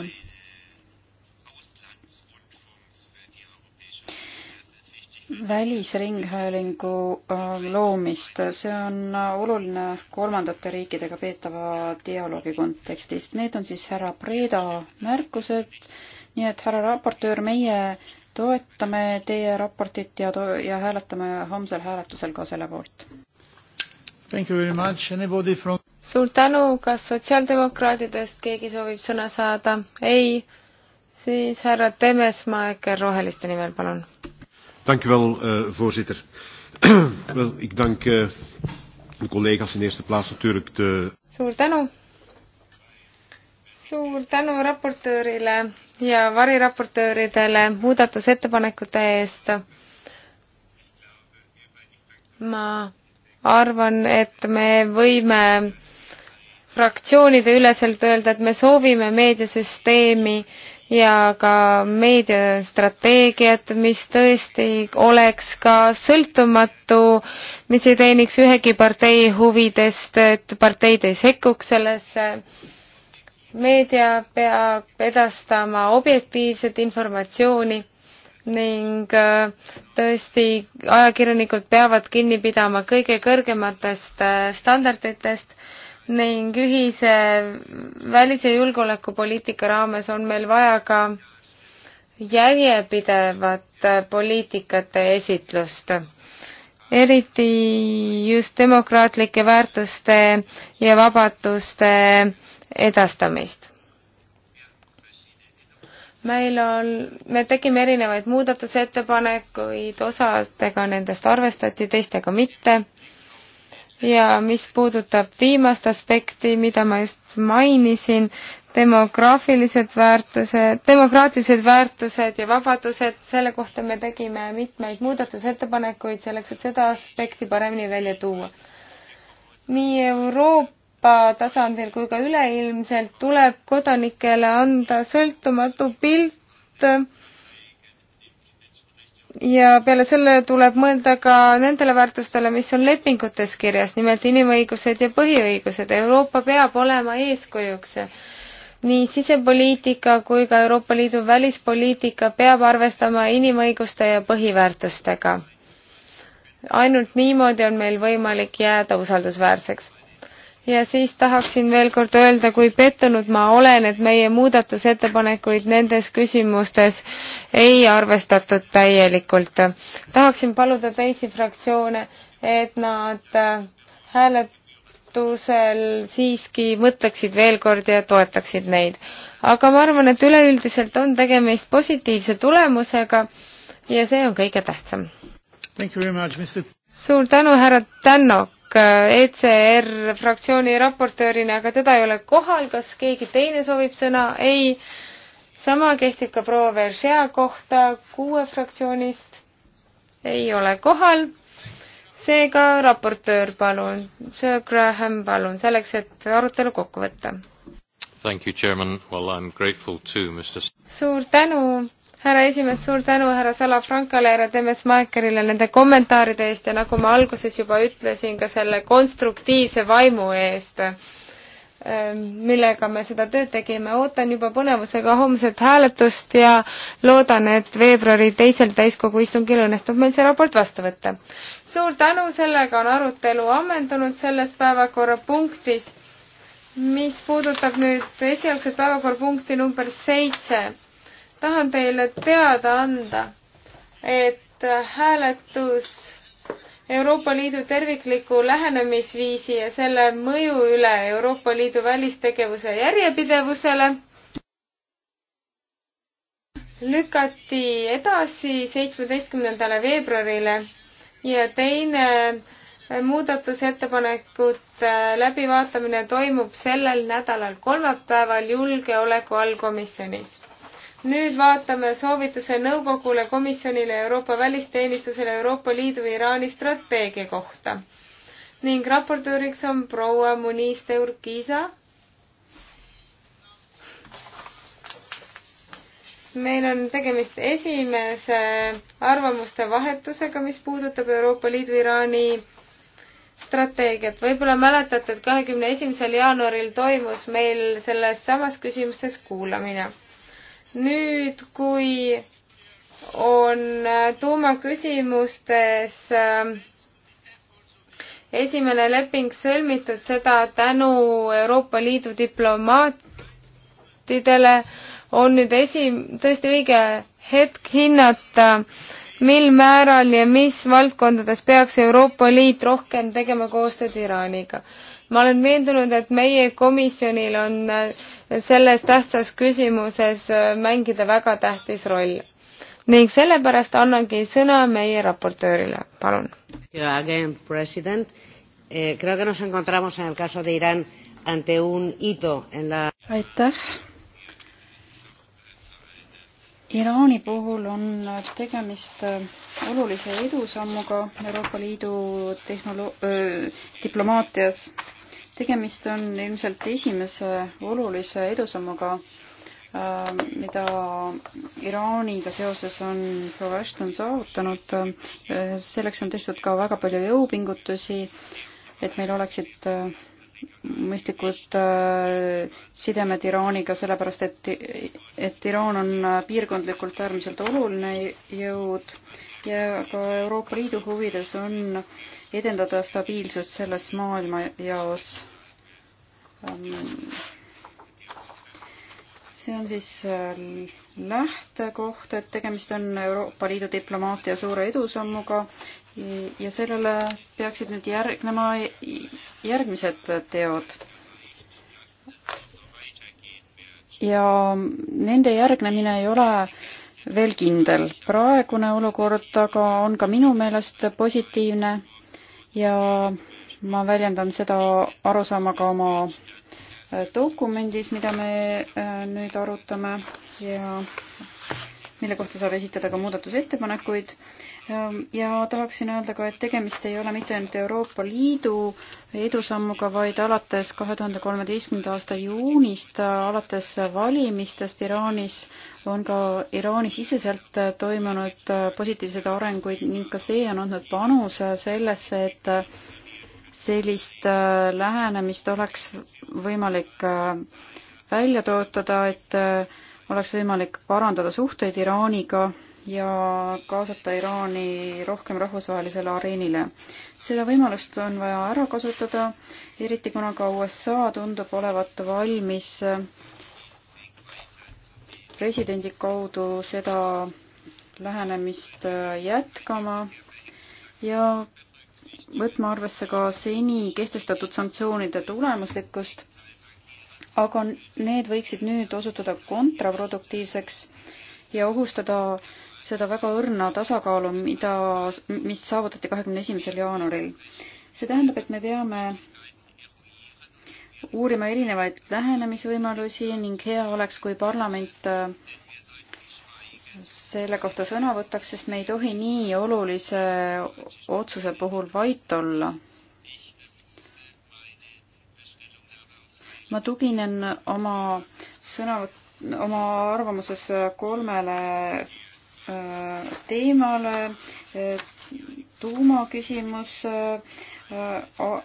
välisringhäälingu äh, loomist, see on oluline kolmandate riikidega peetava dialoogi kontekstist. Need on siis härra Preda märkused nii et härra raportöör, meie toetame teie raportit ja, ja hääletame homsel hääletusel ka selle poolt. From... suur tänu, kas sotsiaaldemokraadidest keegi soovib sõna saada? ei, siis härra Temesmaeker Roheliste nimel, palun. Dank u wel, uh, voorzitter. wel, ik dank uh, de collega's in eerste plaats natuurlijk de... Suur tänu suur tänu raportöörile ja variraportööridele muudatusettepanekute eest. ma arvan, et me võime fraktsioonide üleselt öelda, et me soovime meediasüsteemi ja ka meediastrateegiat, mis tõesti oleks ka sõltumatu, mis ei teeniks ühegi partei huvidest, et parteid ei sekkuks sellesse meedia peab edastama objektiivset informatsiooni ning äh, tõesti, ajakirjanikud peavad kinni pidama kõige kõrgematest äh, standarditest ning ühise välis- ja julgeolekupoliitika raames on meil vaja ka järjepidevat äh, poliitikate esitlust, eriti just demokraatlike väärtuste ja vabaduste edastamist. meil on, me tegime erinevaid muudatusettepanekuid, osadega nendest arvestati, teistega mitte. ja mis puudutab viimast aspekti, mida ma just mainisin, demograafilised väärtused, demokraatilised väärtused ja vabadused, selle kohta me tegime mitmeid muudatusettepanekuid selleks, et seda aspekti paremini välja tuua. nii Euroopa Euroopa tasandil kui ka üleilmselt tuleb kodanikele anda sõltumatu pilt ja peale selle tuleb mõelda ka nendele väärtustele, mis on lepingutes kirjas, nimelt inimõigused ja põhiõigused. Euroopa peab olema eeskujuks nii sisepoliitika kui ka Euroopa Liidu välispoliitika peab arvestama inimõiguste ja põhiväärtustega. ainult niimoodi on meil võimalik jääda usaldusväärseks ja siis tahaksin veel kord öelda, kui pettunud ma olen, et meie muudatusettepanekuid nendes küsimustes ei arvestatud täielikult. tahaksin paluda teisi fraktsioone, et nad hääletusel siiski mõtleksid veel kord ja toetaksid neid. aga ma arvan, et üleüldiselt on tegemist positiivse tulemusega ja see on kõige tähtsam. suur tänu, härra Tänno ECR fraktsiooni raportöörina, aga teda ei ole kohal, kas keegi teine soovib sõna? ei. sama kehtib ka proua Veržea kohta kuue fraktsioonist. ei ole kohal. seega raportöör, palun, Sir Graham, palun, selleks, et arutelu kokku võtta. Well, suur tänu härra esimees, suur tänu härra Salafrankale, härra Demesmaekerile nende kommentaaride eest ja nagu ma alguses juba ütlesin, ka selle konstruktiivse vaimu eest, ehm, millega me seda tööd tegime. ootan juba põnevusega homset hääletust ja loodan, et veebruari teisel täiskogu istungil õnnestub meil see raport vastu võtta. suur tänu, sellega on arutelu ammendunud selles päevakorrapunktis, mis puudutab nüüd esialgset päevakorrapunkti number seitse tahan teile teada anda, et hääletus Euroopa Liidu tervikliku lähenemisviisi ja selle mõju üle Euroopa Liidu välistegevuse järjepidevusele lükati edasi seitsmeteistkümnendale veebruarile ja teine muudatusettepanekute läbivaatamine toimub sellel nädalal kolmapäeval julgeoleku allkomisjonis nüüd vaatame soovituse nõukogule, komisjonile, Euroopa välisteenistusele Euroopa Liidu Iraani strateegia kohta ning raportööriks on proua Muniz Teurkiisa. meil on tegemist esimese arvamuste vahetusega, mis puudutab Euroopa Liidu Iraani strateegiat. võib-olla mäletate, et kahekümne esimesel jaanuaril toimus meil selles samas küsimuses kuulamine nüüd, kui on tuumaküsimustes ähm, esimene leping sõlmitud, seda tänu Euroopa Liidu diplomaatidele, on nüüd esi, tõesti õige hetk hinnata, mil määral ja mis valdkondades peaks Euroopa Liit rohkem tegema koostööd Iraaniga ma olen veendunud, et meie komisjonil on äh, selles tähtsas küsimuses äh, mängida väga tähtis roll. ning sellepärast annangi sõna meie raportöörile, palun. Eh, aitäh, Iraani puhul on tegemist äh, olulise edusammuga Euroopa Liidu tehnolo-, öö, diplomaatias. tegemist on ilmselt esimese olulise edusammuga, äh, mida Iraaniga seoses on proua Ashton saavutanud. Äh, selleks on tehtud ka väga palju jõupingutusi, et meil oleksid mõistlikud äh, sidemed Iraaniga, sellepärast et, et Iraan on äh, piirkondlikult äärmiselt oluline jõud ja ka Euroopa Liidu huvides on edendada stabiilsust selles maailmajaos. Ähm, see on siis äh, lähtekoht, et tegemist on Euroopa Liidu diplomaatia suure edusammuga ja sellele peaksid nüüd järgnema järgmised teod. ja nende järgnemine ei ole veel kindel. praegune olukord aga on ka minu meelest positiivne ja ma väljendan seda arusaama ka oma dokumendis, mida me äh, nüüd arutame ja mille kohta saab esitada ka muudatusettepanekuid Ehm, ja tahaksin öelda ka, et tegemist ei ole mitte ainult Euroopa Liidu edusammuga, vaid alates kahe tuhande kolmeteistkümnenda aasta juunist, alates valimistest Iraanis on ka Iraani siseselt toimunud positiivseid arenguid ning ka see on andnud panuse sellesse, et sellist äh, lähenemist oleks võimalik äh, välja töötada, et äh, oleks võimalik parandada suhteid Iraaniga ja kaasata Iraani rohkem rahvusvahelisele areenile. seda võimalust on vaja ära kasutada, eriti kuna ka USA tundub olevat valmis presidendi kaudu seda lähenemist jätkama ja võtma arvesse ka seni kehtestatud sanktsioonide tulemuslikkust, aga need võiksid nüüd osutuda kontraproduktiivseks ja ohustada äh, seda väga õrna tasakaalu, mida, mis saavutati kahekümne esimesel jaanuaril. see tähendab, et me peame uurima erinevaid lähenemisvõimalusi ning hea oleks, kui parlament äh, selle kohta sõna võtaks, sest me ei tohi nii olulise otsuse puhul vait olla. ma tuginen oma sõnavõtt-, oma arvamuses kolmele Äh, teemale. Äh, tuumaküsimus, äh,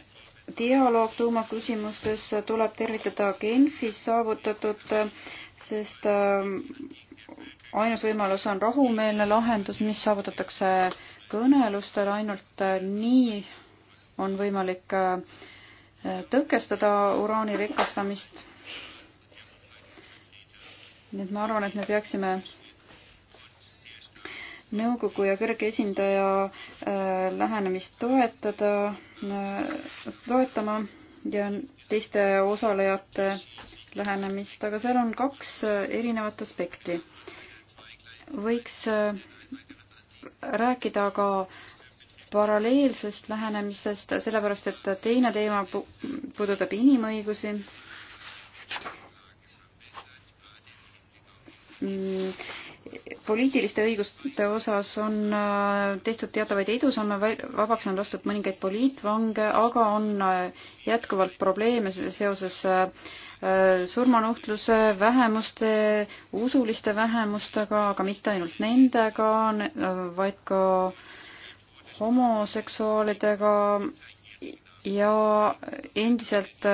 dialoog tuumaküsimustes tuleb tervitada Genfis saavutatud, sest ainus võimalus on rahumeelne lahendus, mis saavutatakse kõnelustel, ainult nii on võimalik tõkestada uraani rikastamist. nii et ma arvan, et me peaksime nõukogu ja kõrge esindaja äh, lähenemist toetada, äh, toetama ja teiste osalejate lähenemist, aga seal on kaks äh, erinevat aspekti. võiks rääkida ka paralleelsest lähenemisest, sellepärast et teine teema puudutab inimõigusi mm poliitiliste õiguste osas on äh, tehtud teatavaid edusamme, vabaks on lastud mõningaid poliitvange, aga on äh, jätkuvalt probleeme seoses äh, surmanuhtluse vähemuste, usuliste vähemustega, aga mitte ainult nendega, vaid ka homoseksuaalidega ja endiselt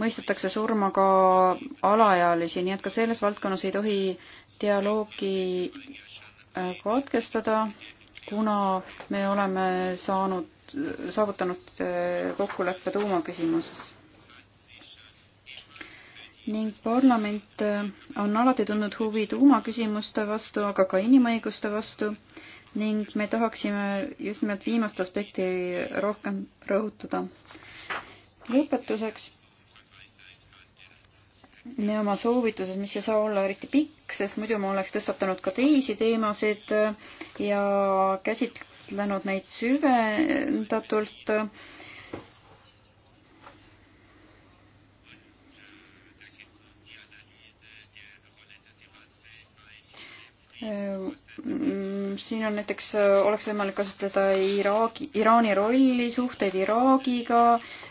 mõistetakse surma ka alaealisi, nii et ka selles valdkonnas ei tohi dialoogi äh, katkestada, kuna me oleme saanud, saavutanud äh, kokkuleppe tuumaküsimuses. ning parlament äh, on alati tundnud huvi tuumaküsimuste vastu, aga ka inimõiguste vastu ning me tahaksime just nimelt viimast aspekti rohkem rõhutada. lõpetuseks me oma soovituses, mis ei saa olla eriti pikk, sest muidu ma oleks tõstatanud ka teisi teemasid ja käsitlenud neid süvendatult Ehm, siin on näiteks, äh, oleks võimalik kasutada Iraagi, Iraani rolli, suhteid Iraagiga,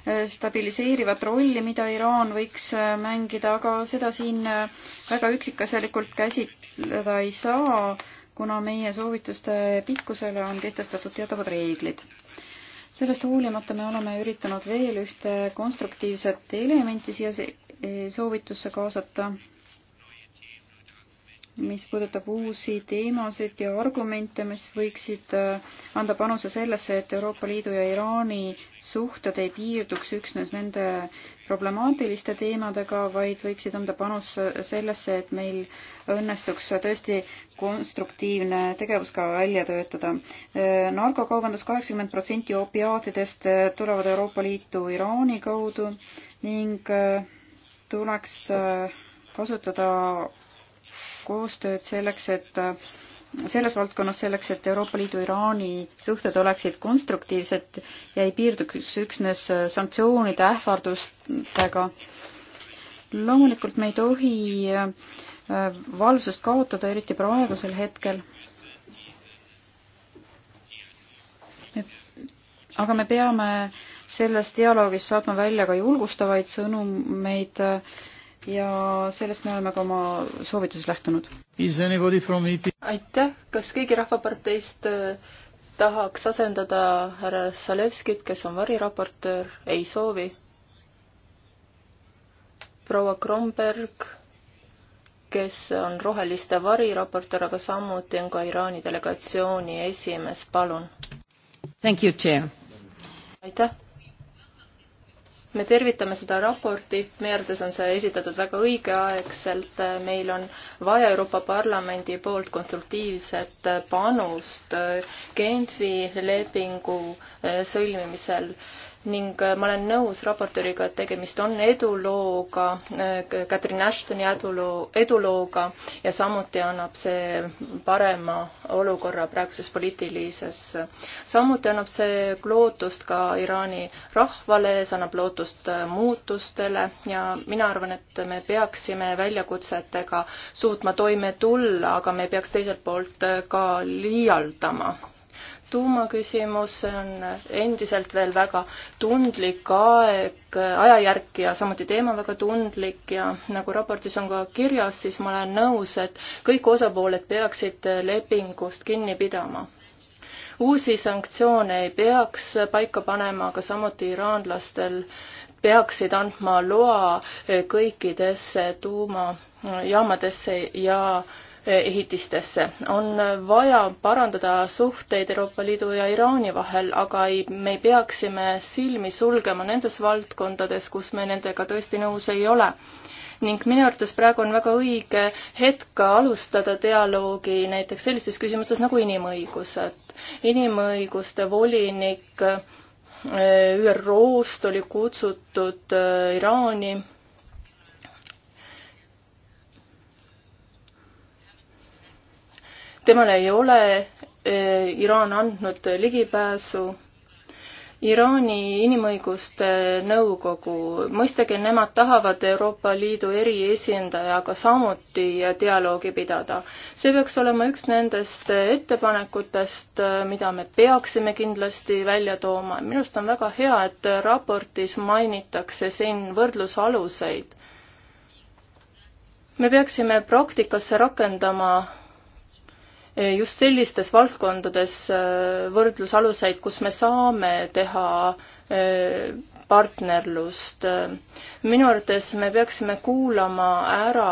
äh, stabiliseerivat rolli, mida Iraan võiks äh, mängida, aga seda siin väga üksikasjalikult käsitleda ei saa, kuna meie soovituste pikkusele on kehtestatud teatavad reeglid. sellest hoolimata me oleme üritanud veel ühte konstruktiivset elementi siia e, soovitusse kaasata mis puudutab uusi teemasid ja argumente, mis võiksid äh, anda panuse sellesse, et Euroopa Liidu ja Iraani suhted ei piirduks üksnes nende problemaatiliste teemadega, vaid võiksid anda panuse sellesse, et meil õnnestuks tõesti konstruktiivne tegevus ka välja töötada. Äh, narkokaubandus kaheksakümmend protsenti opiaatidest äh, tulevad Euroopa Liitu Iraani kaudu ning tuleks kasutada koostööd selleks, et selles valdkonnas selleks, et Euroopa Liidu Iraani suhted oleksid konstruktiivsed ja ei piirduks üksnes sanktsioonide ähvardustega. loomulikult me ei tohi äh, valvsust kaotada, eriti praegusel hetkel. aga me peame selles dialoogis saatma välja ka julgustavaid sõnumeid äh, ja sellest me oleme ka oma soovituses lähtunud. E aitäh, kas keegi Rahvaparteist äh, tahaks asendada härra Zalevskit, kes on variraportöör, ei soovi? proua Kromberg, kes on Roheliste variraportöör, aga samuti on ka Iraani delegatsiooni esimees, palun. aitäh me tervitame seda raportit, meie arvates on see esitatud väga õigeaegselt, meil on vaja Euroopa Parlamendi poolt konstruktiivset panust Genfi lepingu eh, sõlmimisel ning äh, ma olen nõus raportööriga, et tegemist on edulooga, äh, Catherine Ashtoni eduloo, edulooga ja samuti annab see parema olukorra praeguses poliitilises. samuti annab see lootust ka Iraani rahvale, see annab lootust äh, muutustele ja mina arvan, et me peaksime väljakutsetega suutma toime tulla, aga me ei peaks teiselt poolt ka liialdama tuumaküsimus, see on endiselt veel väga tundlik aeg, ajajärk ja samuti teema väga tundlik ja nagu raportis on ka kirjas, siis ma olen nõus, et kõik osapooled peaksid lepingust kinni pidama. uusi sanktsioone ei peaks paika panema, aga samuti iraanlastel peaksid andma loa kõikidesse tuumajaamadesse ja ehitistesse. on vaja parandada suhteid Euroopa Liidu ja Iraani vahel, aga ei, me ei peaksime silmi sulgema nendes valdkondades, kus me nendega tõesti nõus ei ole ning minu arvates praegu on väga õige hetk alustada dialoogi näiteks sellistes küsimustes nagu inimõigused. inimõiguste volinik äh, ÜRO-st oli kutsutud äh, Iraani temale ei ole e, Iraan andnud ligipääsu Iraani Inimõiguste Nõukogu, mõistagi nemad tahavad Euroopa Liidu eriesindajaga samuti dialoogi pidada. see peaks olema üks nendest ettepanekutest, mida me peaksime kindlasti välja tooma. minu arust on väga hea, et raportis mainitakse siin võrdlusaluseid. me peaksime praktikasse rakendama just sellistes valdkondades äh, võrdlusaluseid, kus me saame teha äh, partnerlust. minu arvates me peaksime kuulama ära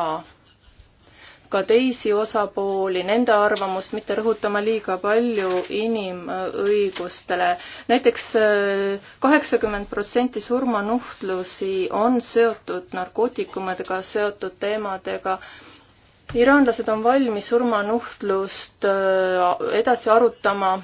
ka teisi osapooli, nende arvamust, mitte rõhutama liiga palju inimõigustele näiteks. näiteks äh, kaheksakümmend protsenti surmanuhtlusi on seotud narkootikumidega, seotud teemadega iraanlased on valmis surmanuhtlust äh, edasi arutama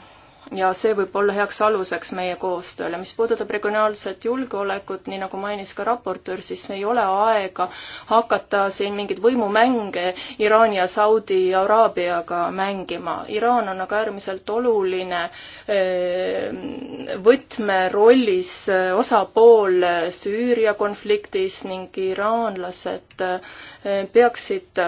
ja see võib olla heaks aluseks meie koostööle. mis puudutab regionaalset julgeolekut, nii nagu mainis ka raportöör, siis ei ole aega hakata siin mingeid võimumänge Iraani ja Saudi Araabiaga mängima. Iraan on aga äärmiselt oluline eh, võtmerollis eh, osapool eh, Süüria konfliktis ning iraanlased peaksid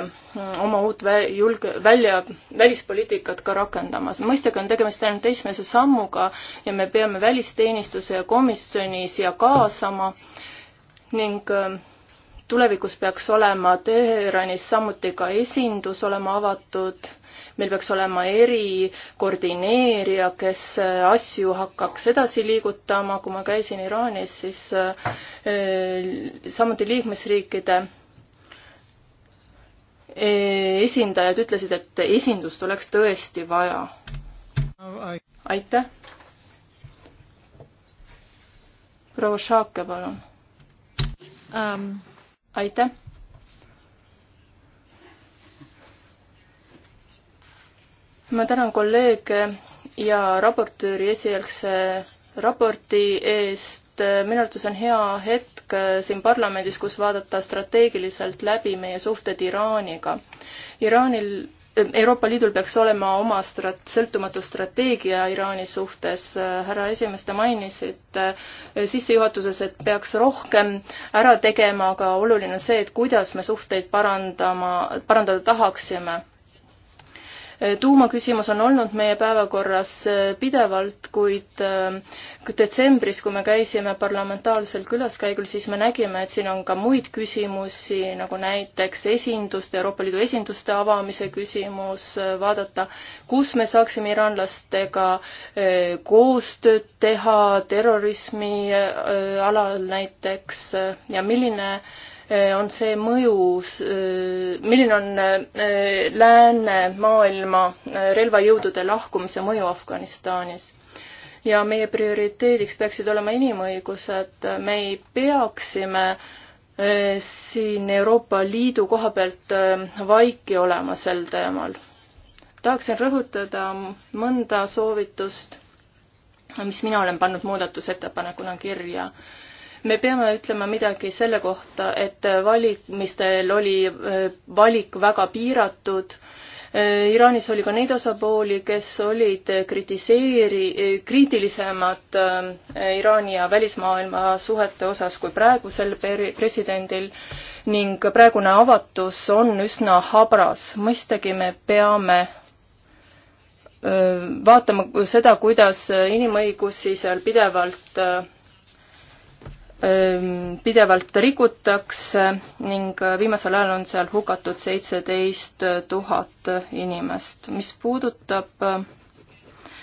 oma uut julge-, välja, välispoliitikat ka rakendama. mõistagi on tegemist ainult teist esimese sammuga ja me peame välisteenistuse ja komisjoni siia kaasama ning ähm, tulevikus peaks olema Teheranis samuti ka esindus olema avatud, meil peaks olema erikoordineerija, kes äh, asju hakkaks edasi liigutama, kui ma käisin Iraanis, siis äh, samuti liikmesriikide äh, esindajad ütlesid, et esindust oleks tõesti vaja aitäh. proua Šaake, palun um.. aitäh. ma tänan kolleege ja raportööri esialgse raporti eest. minu arvates on hea hetk siin parlamendis, kus vaadata strateegiliselt läbi meie suhted Iraaniga. Iraanil Euroopa Liidul peaks olema oma strat-, sõltumatu strateegia Iraani suhtes, härra esimees, te mainisite äh, sissejuhatuses, et peaks rohkem ära tegema, aga oluline on see, et kuidas me suhteid parandama, parandada tahaksime tuumaküsimus on olnud meie päevakorras äh, pidevalt, kuid äh, detsembris, kui me käisime parlamentaarsel külaskäigul, siis me nägime, et siin on ka muid küsimusi, nagu näiteks esinduste, Euroopa Liidu esinduste avamise küsimus, äh, vaadata, kus me saaksime iranlastega koostööd teha terrorismi alal näiteks ja milline Eh, on see mõju, eh, milline on eh, läänemaailma relvajõudude lahkumise mõju Afganistanis. ja meie prioriteediks peaksid olema inimõigused, me ei peaksime siin Euroopa Liidu koha pealt vaiki olema sel teemal. tahaksin rõhutada mõnda soovitust, mis mina olen pannud muudatusettepanekuna kirja me peame ütlema midagi selle kohta, et valimistel oli äh, valik väga piiratud. Äh, Iraanis oli ka neid osapooli, kes olid kritiseeri-, kriitilisemad äh, Iraani ja välismaailma suhete osas kui praegusel presidendil ning praegune avatus on üsna habras. mõistagi me peame vaatama seda, kuidas inimõigusi seal pidevalt pidevalt rikutakse ning viimasel ajal on seal hukatud seitseteist tuhat inimest. mis puudutab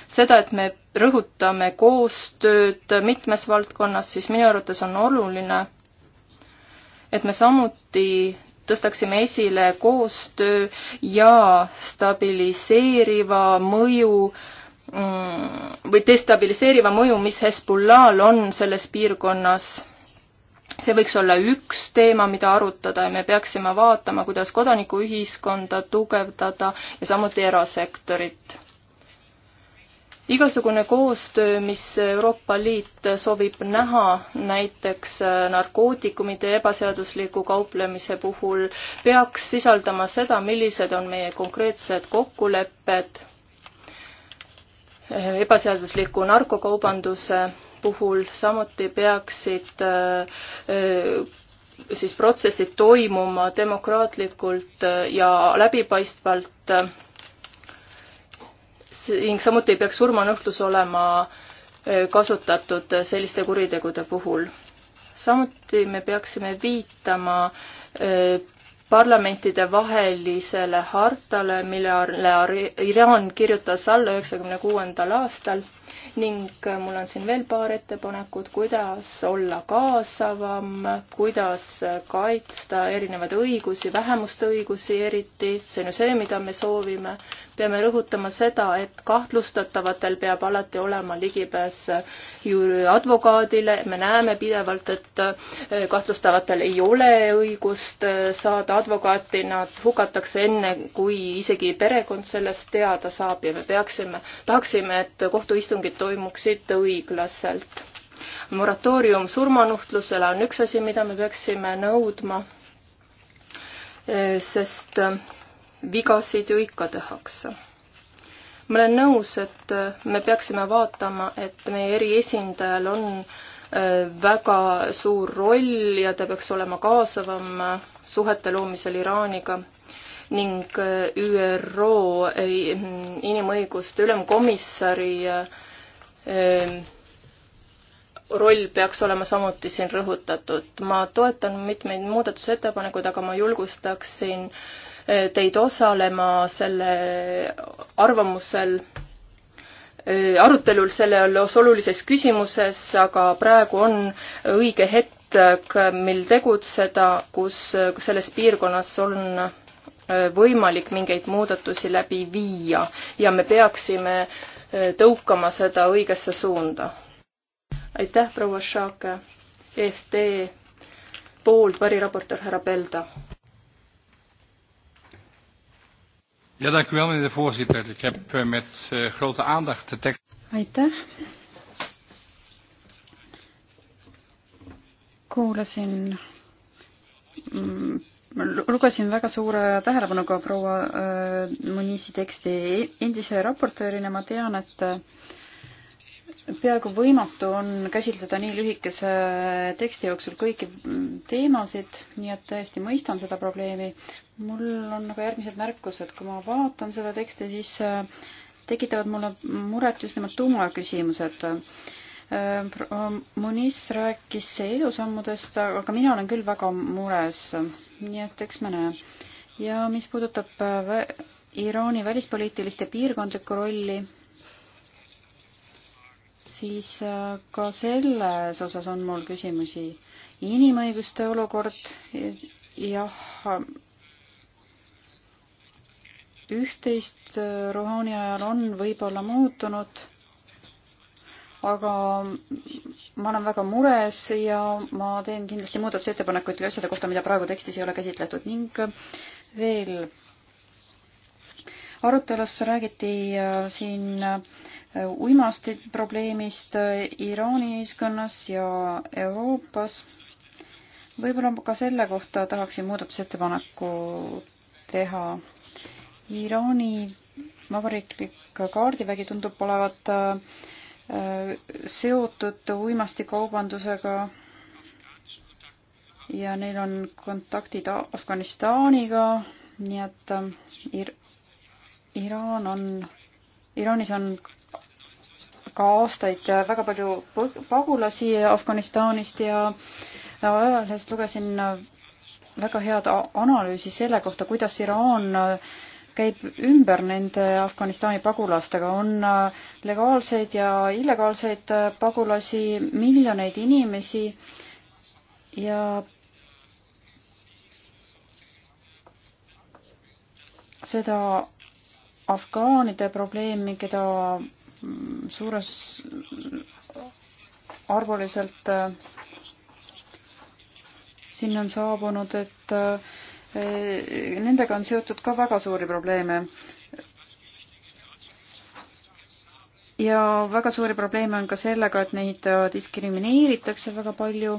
seda, et me rõhutame koostööd mitmes valdkonnas, siis minu arvates on oluline, et me samuti tõstaksime esile koostöö ja stabiliseeriva mõju mm, või destabiliseeriva mõju, mis Hezbollah'l on selles piirkonnas see võiks olla üks teema, mida arutada ja me peaksime vaatama, kuidas kodanikuühiskonda tugevdada ja samuti erasektorit. igasugune koostöö, mis Euroopa Liit soovib näha näiteks narkootikumide ebaseadusliku kauplemise puhul, peaks sisaldama seda, millised on meie konkreetsed kokkulepped ebaseadusliku narkokaubanduse puhul samuti peaksid äh, siis protsessid toimuma demokraatlikult äh, ja läbipaistvalt äh, ning samuti ei peaks surmanuhtlus olema kasutatud selliste kuritegude puhul. samuti me peaksime viitama parlamentide vahelisele hartale, millele Iraan kirjutas alla üheksakümne kuuendal aastal ning äh, mul on siin veel paar ettepanekut, kuidas olla kaasavam, kuidas äh, kaitsta erinevaid õigusi, vähemuste õigusi eriti, see on ju see, mida me soovime. peame rõhutama seda, et kahtlustatavatel peab alati olema ligipääs äh, ju advokaadile, me näeme pidevalt, et kahtlustavatel ei ole õigust saada advokaati, nad hukatakse enne, kui isegi perekond sellest teada saab ja me peaksime, tahaksime, et kohtuistung istungid toimuksid õiglaselt. moratoorium surmanuhtlusele on üks asi, mida me peaksime nõudma, sest vigasid ju ikka tehakse. ma olen nõus, et me peaksime vaatama, et meie eriesindajal on äh, väga suur roll ja ta peaks olema kaasavam äh, suhete loomisel Iraaniga ning äh, ÜRO inimõiguste ülemkomissari Ehm, roll peaks olema samuti siin rõhutatud. ma toetan mitmeid muudatusettepanekuid, aga ma julgustaksin eh, teid osalema selle arvamusel, eh, arutelul selles olulises küsimuses, aga praegu on õige hetk, mil tegutseda, kus eh, selles piirkonnas on võimalik mingeid muudatusi läbi viia ja me peaksime tõukama seda õigesse suunda. aitäh, proua Šake, EFT poolt variraportor härra Pelda. Ja, dank u wel, meneer de voorzitter. Ik heb uh, met uh, grote aandacht de tekst. Aitäh. Kuulasin mm, lugesin väga suure tähelepanuga proua äh, Munisi teksti. endise raportöörina ma tean, et äh, peaaegu võimatu on käsitleda nii lühikese äh, teksti jooksul kõiki mm, teemasid, nii et täiesti mõistan seda probleemi. mul on aga järgmised märkused, kui ma vaatan seda teksti, siis äh, tekitavad mulle muret just nimelt tuumaküsimused äh, Äh, ähm, Moniz rääkis edusammudest, aga mina olen küll väga mures. nii et eks me näe. ja mis puudutab äh, vä Iraani välispoliitilist ja piirkondlikku rolli, siis äh, ka selles osas on mul küsimusi. inimõiguste olukord, jah, üht-teist Rouhani ajal on võib-olla muutunud aga ma olen väga mures ja ma teen kindlasti muudatusettepanekuid ka asjade kohta, mida praegu tekstis ei ole käsitletud ning veel arutelus räägiti äh, siin äh, uimasti probleemist äh, Iraani ühiskonnas ja Euroopas. võib-olla ka selle kohta tahaksin muudatusettepaneku teha. Iraani vabariiklik kaardivägi tundub olevat äh, Äh, seotud uimastikaubandusega ja neil on kontaktid Afganistaniga, nii et äh, Ir Iraan on, Iraanis on ka aastaid väga palju pagulasi Afganistanist ja ajalehest lugesin väga head analüüsi selle kohta, kuidas Iraan käib ümber nende Afganistani pagulastega, on äh, legaalseid ja illegaalseid äh, pagulasi, miljoneid inimesi ja seda afgaanide probleemi, keda mm, suures arvuliselt äh, sinna on saabunud, et Eh, nendega on seotud ka väga suuri probleeme. ja väga suuri probleeme on ka sellega, et neid äh, diskrimineeritakse väga palju.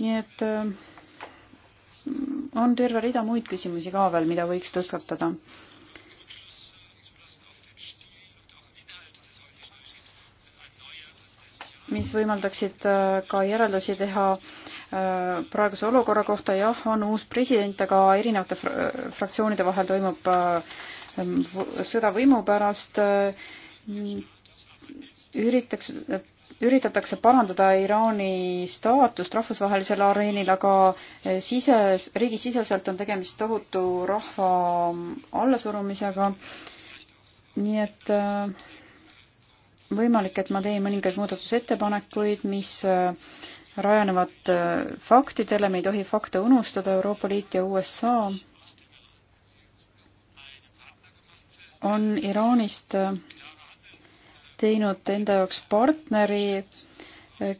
nii et äh, on terve rida muid küsimusi ka veel, mida võiks tõstatada. mis võimaldaksid äh, ka järeldusi teha äh, Äh, praeguse olukorra kohta, jah, on uus president, aga erinevate fraktsioonide vahel toimub äh, sõda võimu pärast. Äh, üritaks, üritatakse parandada Iraani staatust rahvusvahelisel areenil, aga sises, riigisiseselt on tegemist tohutu rahva mm, allasurumisega. nii et võimalik, et ma teen mõningaid muudatusettepanekuid, mis äh, rajanevad äh, faktidele, me ei tohi fakte unustada, Euroopa Liit ja USA on Iraanist äh, teinud enda jaoks partneri, äh,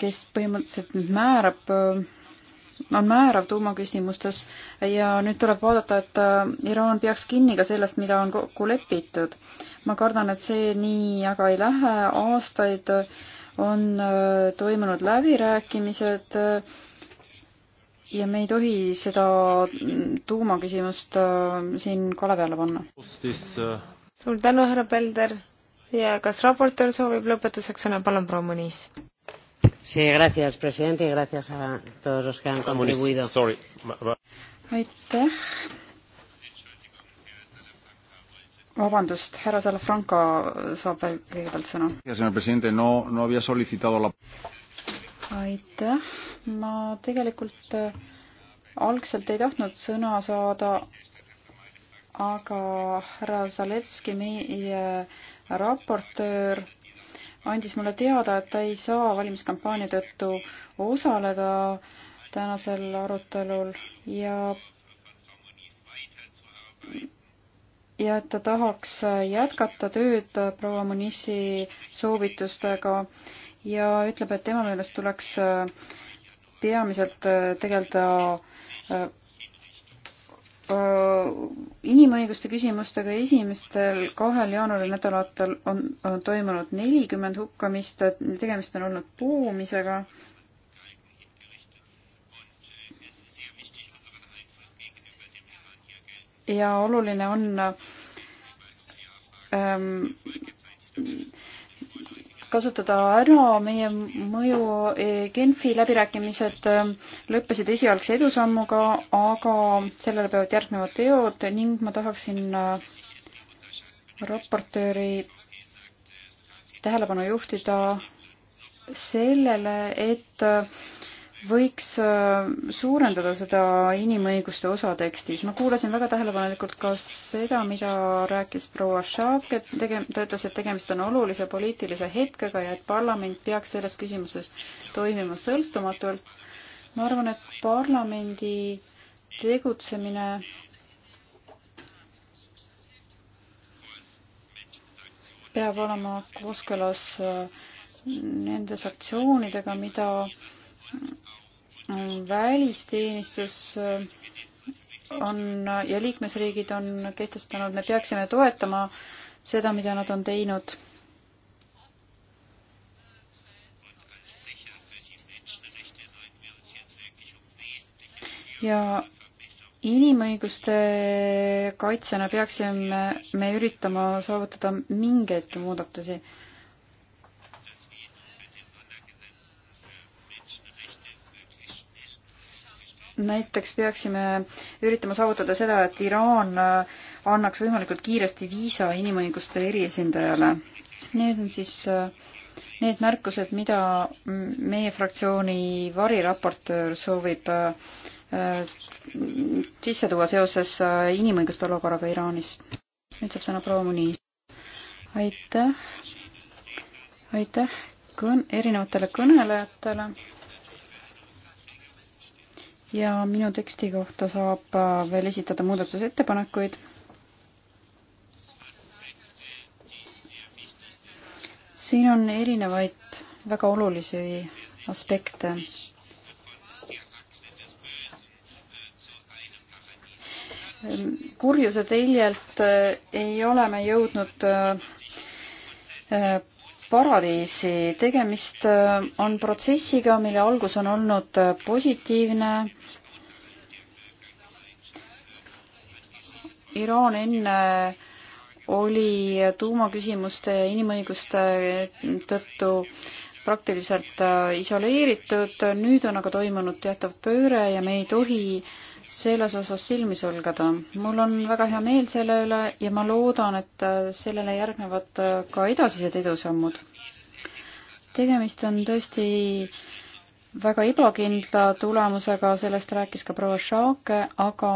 kes põhimõtteliselt nüüd määrab, on määrav tuumaküsimustes ja nüüd tuleb vaadata, et Iraan peaks kinni ka sellest, mida on kokku lepitud. ma kardan, et see nii aga ei lähe, aastaid äh, on äh, toimunud läbirääkimised äh, ja me ei tohi seda tuumaküsimust äh, siin kala peale panna. suur tänu, härra Pelder ja kas raportöör soovib lõpetuseks sõna, palun, proua Muniz. Sí, gracias, presidente, y gracias a todos los que han contribuido. Sorry. Aitäh, vabandust, härra Salafranco saab veel kõigepealt sõna. No, no la... aitäh, ma tegelikult äh, algselt ei tahtnud sõna saada, aga härra Zalevski, meie raportöör, andis mulle teada, et ta ei saa valimiskampaania tõttu osaleda tänasel arutelul ja ja et ta tahaks jätkata tööd proua Munissi soovitustega ja ütleb, et tema meelest tuleks äh, peamiselt äh, tegeleda äh, inimõiguste küsimustega esimestel kahel jaanuari nädalatel on, on toimunud nelikümmend hukkamist, tegemist on olnud poomisega ja oluline on ähm, kasutada ära meie mõju. E, Genfi läbirääkimised ähm, lõppesid esialgse edusammuga, aga sellele peavad järgnema teod ning ma tahaksin äh, raportööri tähelepanu juhtida sellele, et äh, võiks äh, suurendada seda inimõiguste osa tekstis. ma kuulasin väga tähelepanelikult ka seda, mida rääkis proua Šaak, et tege-, ta ütles, et tegemist on olulise poliitilise hetkega ja et parlament peaks selles küsimuses toimima sõltumatult. ma arvan, et parlamendi tegutsemine peab olema kooskõlas äh, nende sanktsioonidega, mida välisteenistus äh, on ja liikmesriigid on kehtestanud, me peaksime toetama seda, mida nad on teinud. ja inimõiguste kaitsjana peaksime me üritama saavutada mingeidki muudatusi näiteks peaksime üritama saavutada seda, et Iraan äh, annaks võimalikult kiiresti viisa inimõiguste eriesindajale. Need on siis äh, need märkused, mida meie fraktsiooni variraportöör soovib äh, sisse tuua seoses inimõiguste olukorraga Iraanis. nüüd saab sõna proua Muniis. aitäh, aitäh kõn-, erinevatele kõnelejatele ja minu teksti kohta saab äh, veel esitada muudatusettepanekuid. siin on erinevaid väga olulisi aspekte. kurjuse teljelt äh, ei ole me jõudnud äh, paradiisi. tegemist äh, on protsessiga, mille algus on olnud äh, positiivne. Iraan enne äh, oli tuumaküsimuste ja inimõiguste tõttu praktiliselt isoleeritud, nüüd on aga toimunud teatav pööre ja me ei tohi äh, selles osas silmi sulgeda. mul on väga hea meel selle üle ja ma loodan, et äh, sellele järgnevad äh, ka edasised edusammud. tegemist on tõesti väga ebakindla tulemusega, sellest rääkis ka proua Šaake, aga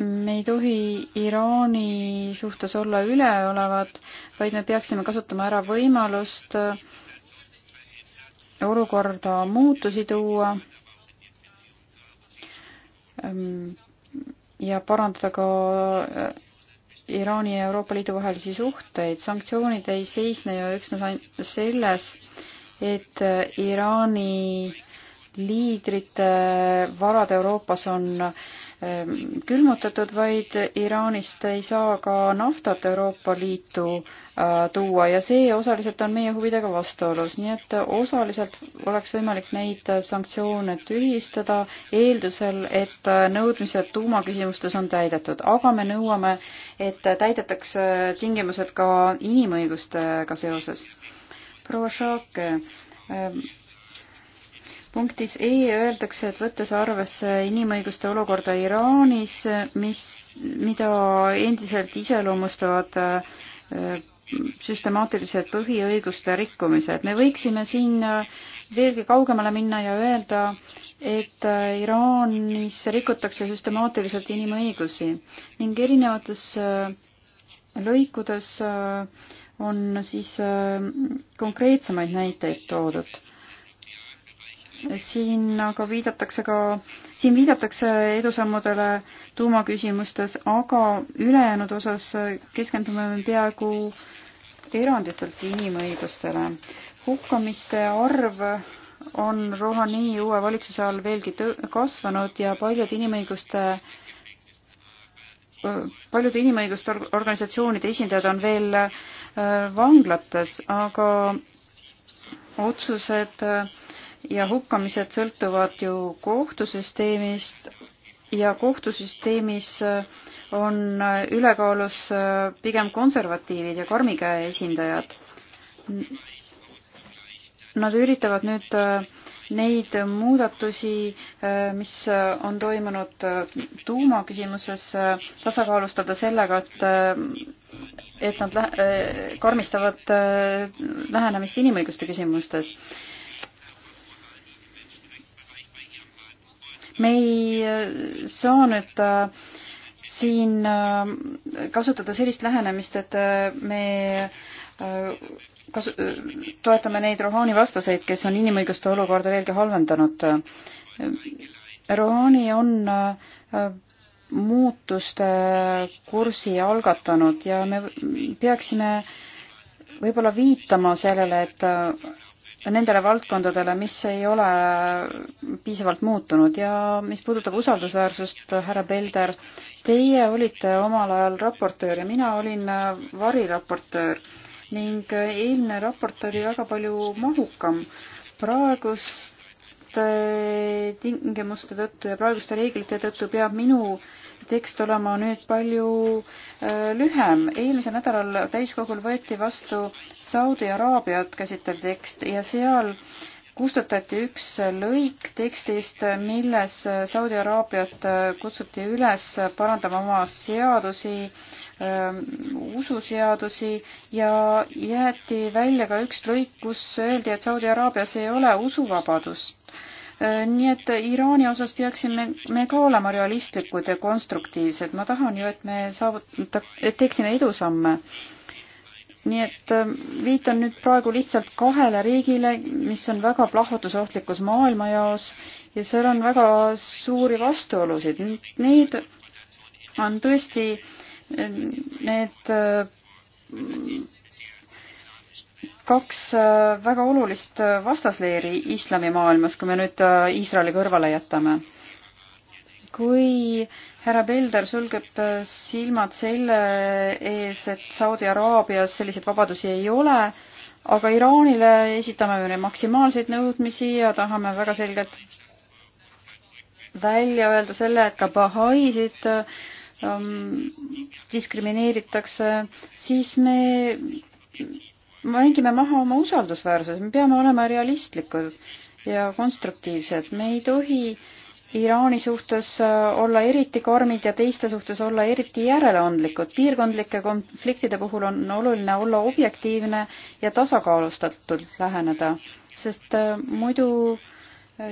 me ei tohi Iraani suhtes olla üleolevad, vaid me peaksime kasutama ära võimalust äh, olukorda muutusi tuua ähm, ja parandada ka äh, Iraani ja Euroopa Liidu vahelisi suhteid. sanktsioonid ei seisne ju üksnes ainult selles, et äh, Iraani liidrite varad Euroopas on äh, Ehm, külmutatud, vaid Iraanist ei saa ka naftat Euroopa Liitu äh, tuua ja see osaliselt on meie huvidega vastuolus, nii et osaliselt oleks võimalik neid sanktsioone tühistada eeldusel, et äh, nõudmised tuumaküsimustes on täidetud, aga me nõuame, et täidetaks äh, tingimused ka inimõigustega seoses. proua Šaake ehm, punktis E öeldakse, et võttes arvesse inimõiguste olukorda Iraanis, mis, mida endiselt iseloomustavad äh, süstemaatilised põhiõiguste rikkumised. me võiksime siin äh, veelgi kaugemale minna ja öelda, et äh, Iraanis rikutakse süstemaatiliselt inimõigusi ning erinevates lõikudes on siis konkreetsemaid näiteid toodud siin aga viidatakse ka, siin viidatakse edusammudele tuumaküsimustes, aga ülejäänud osas keskendume me peaaegu eranditult inimõigustele. hukkamiste arv on Rohani uue valitsuse all veelgi kasvanud ja paljud inimõiguste paljude inimõiguste organisatsioonide esindajad on veel äh, vanglates, aga otsused äh, ja hukkamised sõltuvad ju kohtusüsteemist ja kohtusüsteemis äh, on äh, ülekaalus äh, pigem konservatiivid ja karmikäe esindajad. Nad üritavad nüüd neid muudatusi, mis on toimunud tuumaküsimuses, tasakaalustada sellega, et et nad lähe, karmistavad lähenemist inimõiguste küsimustes me ei äh, saa nüüd äh, siin äh, kasutada sellist lähenemist, et me kasu-, toetame neid Rohani vastaseid, kes on inimõiguste olukorda veelgi halvendanud. Rohani on muutuste kursi algatanud ja me peaksime võib-olla viitama sellele, et nendele valdkondadele, mis ei ole piisavalt muutunud ja mis puudutab usaldusväärsust, härra Pelder, teie olite omal ajal raportöör ja mina olin variraportöör ning eilne raport oli väga palju mahukam. praeguste tingimuste tõttu ja praeguste reeglite tõttu peab minu tekst olema nüüd palju äh, lühem. eelmisel nädalal täiskogul võeti vastu Saudi Araabiat käsitlev tekst ja seal kustutati üks lõik tekstist, milles Saudi Araabiat äh, kutsuti üles parandama oma seadusi, äh, ususeadusi ja jäeti välja ka üks lõik, kus öeldi, et Saudi Araabias ei ole usuvabadust Äh, nii et Iraani osas peaksime me ka olema realistlikud ja konstruktiivsed. ma tahan ju, et me saavuta-, et teeksime edusamme. nii et äh, viitan nüüd praegu lihtsalt kahele riigile, mis on väga plahvatusohtlikus maailmajaos ja seal on väga suuri vastuolusid. Need on tõesti äh, need kaks äh, väga olulist äh, vastasleeri islamimaailmas, kui me nüüd äh, Iisraeli kõrvale jätame. kui härra Belder sulgeb silmad selle ees, et Saudi Araabias selliseid vabadusi ei ole, aga Iraanile esitame me maksimaalseid nõudmisi ja tahame väga selgelt välja öelda selle, et ka bahaisid um, diskrimineeritakse, siis me mängime maha oma usaldusväärsuse, me peame olema realistlikud ja konstruktiivsed, me ei tohi Iraani suhtes äh, olla eriti karmid ja teiste suhtes olla eriti järeleandlikud. piirkondlike konfliktide puhul on oluline olla objektiivne ja tasakaalustatult läheneda, sest äh, muidu äh,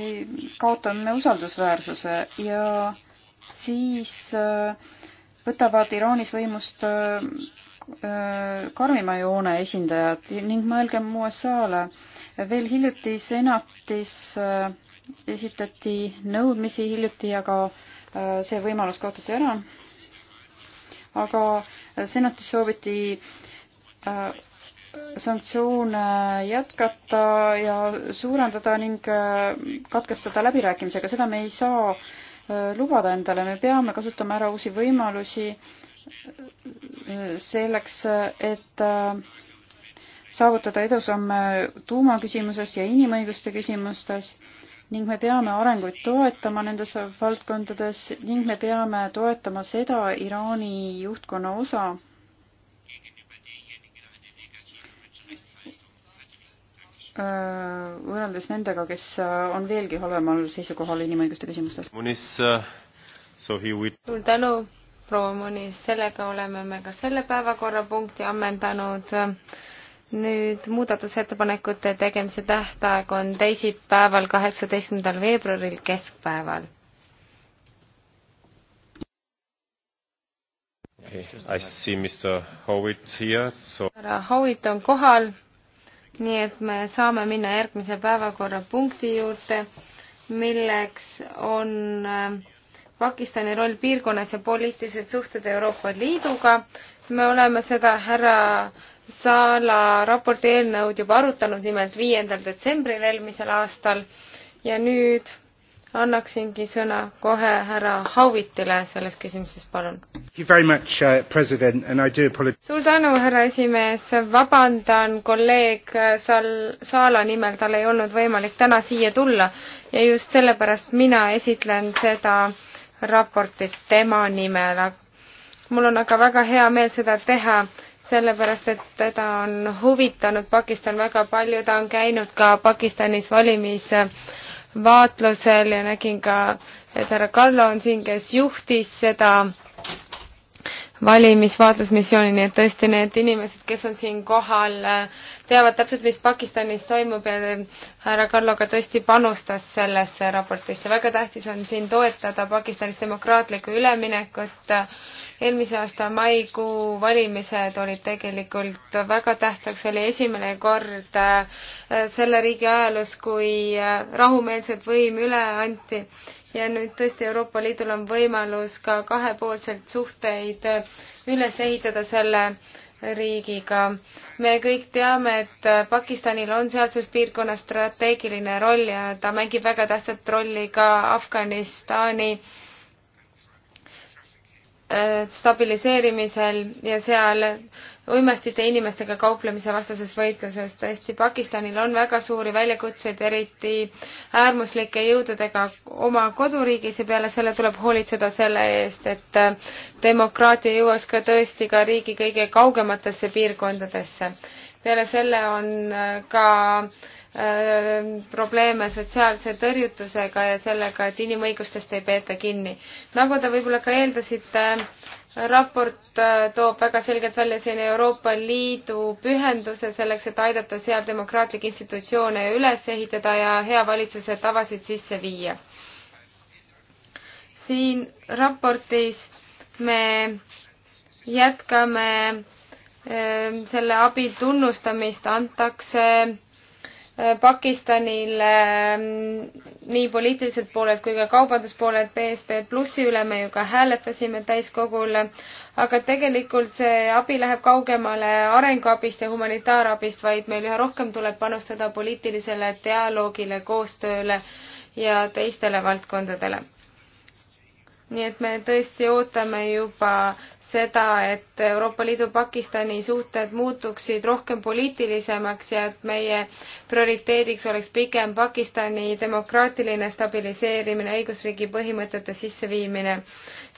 kaotame usaldusväärsuse ja siis võtavad Iraanis võimust Äh, karmima joone esindajad ning mõelgem USA-le. veel hiljuti senatis äh, esitati nõudmisi hiljuti, aga äh, see võimalus kaotati ära. aga senatis sooviti sanktsioone jätkata ja suurendada ning katkestada läbirääkimisega, seda me ei saa lubada endale, me peame kasutama ära uusi võimalusi selleks, et äh, saavutada edusamme tuumaküsimuses ja inimõiguste küsimustes ning me peame arenguid toetama nendes valdkondades ning me peame toetama seda Iraani juhtkonna osa, äh, võrreldes nendega, kes on veelgi halvemal seisukohal inimõiguste küsimustes. Äh, suur tänu proua Munis, sellega oleme me ka selle päevakorrapunkti ammendanud. nüüd muudatusettepanekute tegemise tähtaeg on teisipäeval, kaheksateistkümnendal veebruaril keskpäeval. I see Mr Howitt here, so. härra Howitt on kohal, nii et me saame minna järgmise päevakorrapunkti juurde, milleks on äh, Pakistani roll piirkonnas ja poliitilised suhted Euroopa Liiduga. me oleme seda härra Saala raporti eelnõud juba arutanud nimelt viiendal detsembril eelmisel aastal ja nüüd annaksingi sõna kohe härra Hauvitile selles küsimuses, palun. Uh, suur tänu, härra esimees, vabandan kolleeg Sal-, Saala nimel, tal ei olnud võimalik täna siia tulla ja just sellepärast mina esitlen seda raportit tema nimel. mul on aga väga hea meel seda teha, sellepärast et teda on huvitanud Pakistan väga palju, ta on käinud ka Pakistanis valimisvaatlusel ja nägin ka, et härra Kallo on siin, kes juhtis seda valimisvaatlusmissiooni, nii et tõesti need inimesed, kes on siin kohal äh, teavad täpselt, mis Pakistanis toimub ja härra Kallo ka tõesti panustas sellesse raportisse. väga tähtis on siin toetada Pakistanis demokraatlikku üleminekut. eelmise aasta maikuu valimised olid tegelikult väga tähtsaks, oli esimene kord äh, selle riigi ajaloos, kui äh, rahumeelselt võim üle anti ja nüüd tõesti Euroopa Liidul on võimalus ka kahepoolselt suhteid üles ehitada selle riigiga. me kõik teame, et äh, Pakistanil on sealses piirkonnas strateegiline roll ja ta mängib väga tähtsat rolli ka Afganistani äh, stabiliseerimisel ja seal uimastite inimestega kauplemise vastases võitluses. tõesti, Pakistanil on väga suuri väljakutseid, eriti äärmuslike jõududega oma koduriigis ja peale selle tuleb hoolitseda selle eest, et äh, demokraatia jõuaks ka tõesti ka riigi kõige kaugematesse piirkondadesse. peale selle on äh, ka äh, probleeme sotsiaalse tõrjutusega ja sellega, et inimõigustest ei peeta kinni. nagu te võib-olla ka eeldasite, raport äh, toob väga selgelt välja siin Euroopa Liidu pühenduse selleks, et aidata seal demokraatlikke institutsioone üles ehitada ja hea valitsuse tavasid sisse viia. siin raportis me jätkame äh, selle abi tunnustamist, antakse Äh, Pakistanile ähm, nii poliitiliselt poolelt kui ka kaubanduspoolelt BSP plussi üle me ju ka hääletasime täiskogul, aga tegelikult see abi läheb kaugemale arenguabist ja humanitaarabist, vaid meil üha rohkem tuleb panustada poliitilisele dialoogile, koostööle ja teistele valdkondadele. nii et me tõesti ootame juba seda, et Euroopa Liidu Pakistani suhted muutuksid rohkem poliitilisemaks ja et meie prioriteediks oleks pigem Pakistani demokraatiline stabiliseerimine, õigusriigi põhimõtete sisseviimine,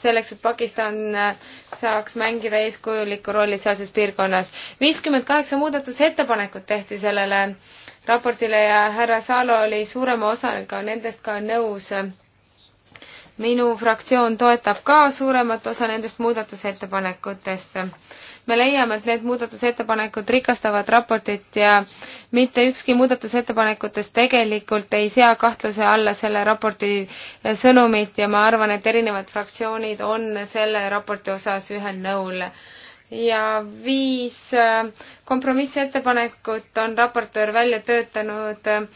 selleks et Pakistan äh, saaks mängida eeskujulikku rolli sealses piirkonnas. viiskümmend kaheksa muudatusettepanekut tehti sellele raportile ja härra Saalo oli suurema osaga nendest ka nõus minu fraktsioon toetab ka suuremat osa nendest muudatusettepanekutest. me leiame, et need muudatusettepanekud rikastavad raportit ja mitte ükski muudatusettepanekutest tegelikult ei sea kahtluse alla selle raporti sõnumit ja ma arvan, et erinevad fraktsioonid on selle raporti osas ühel nõul ja viis kompromissettepanekut on raportöör välja töötanud äh,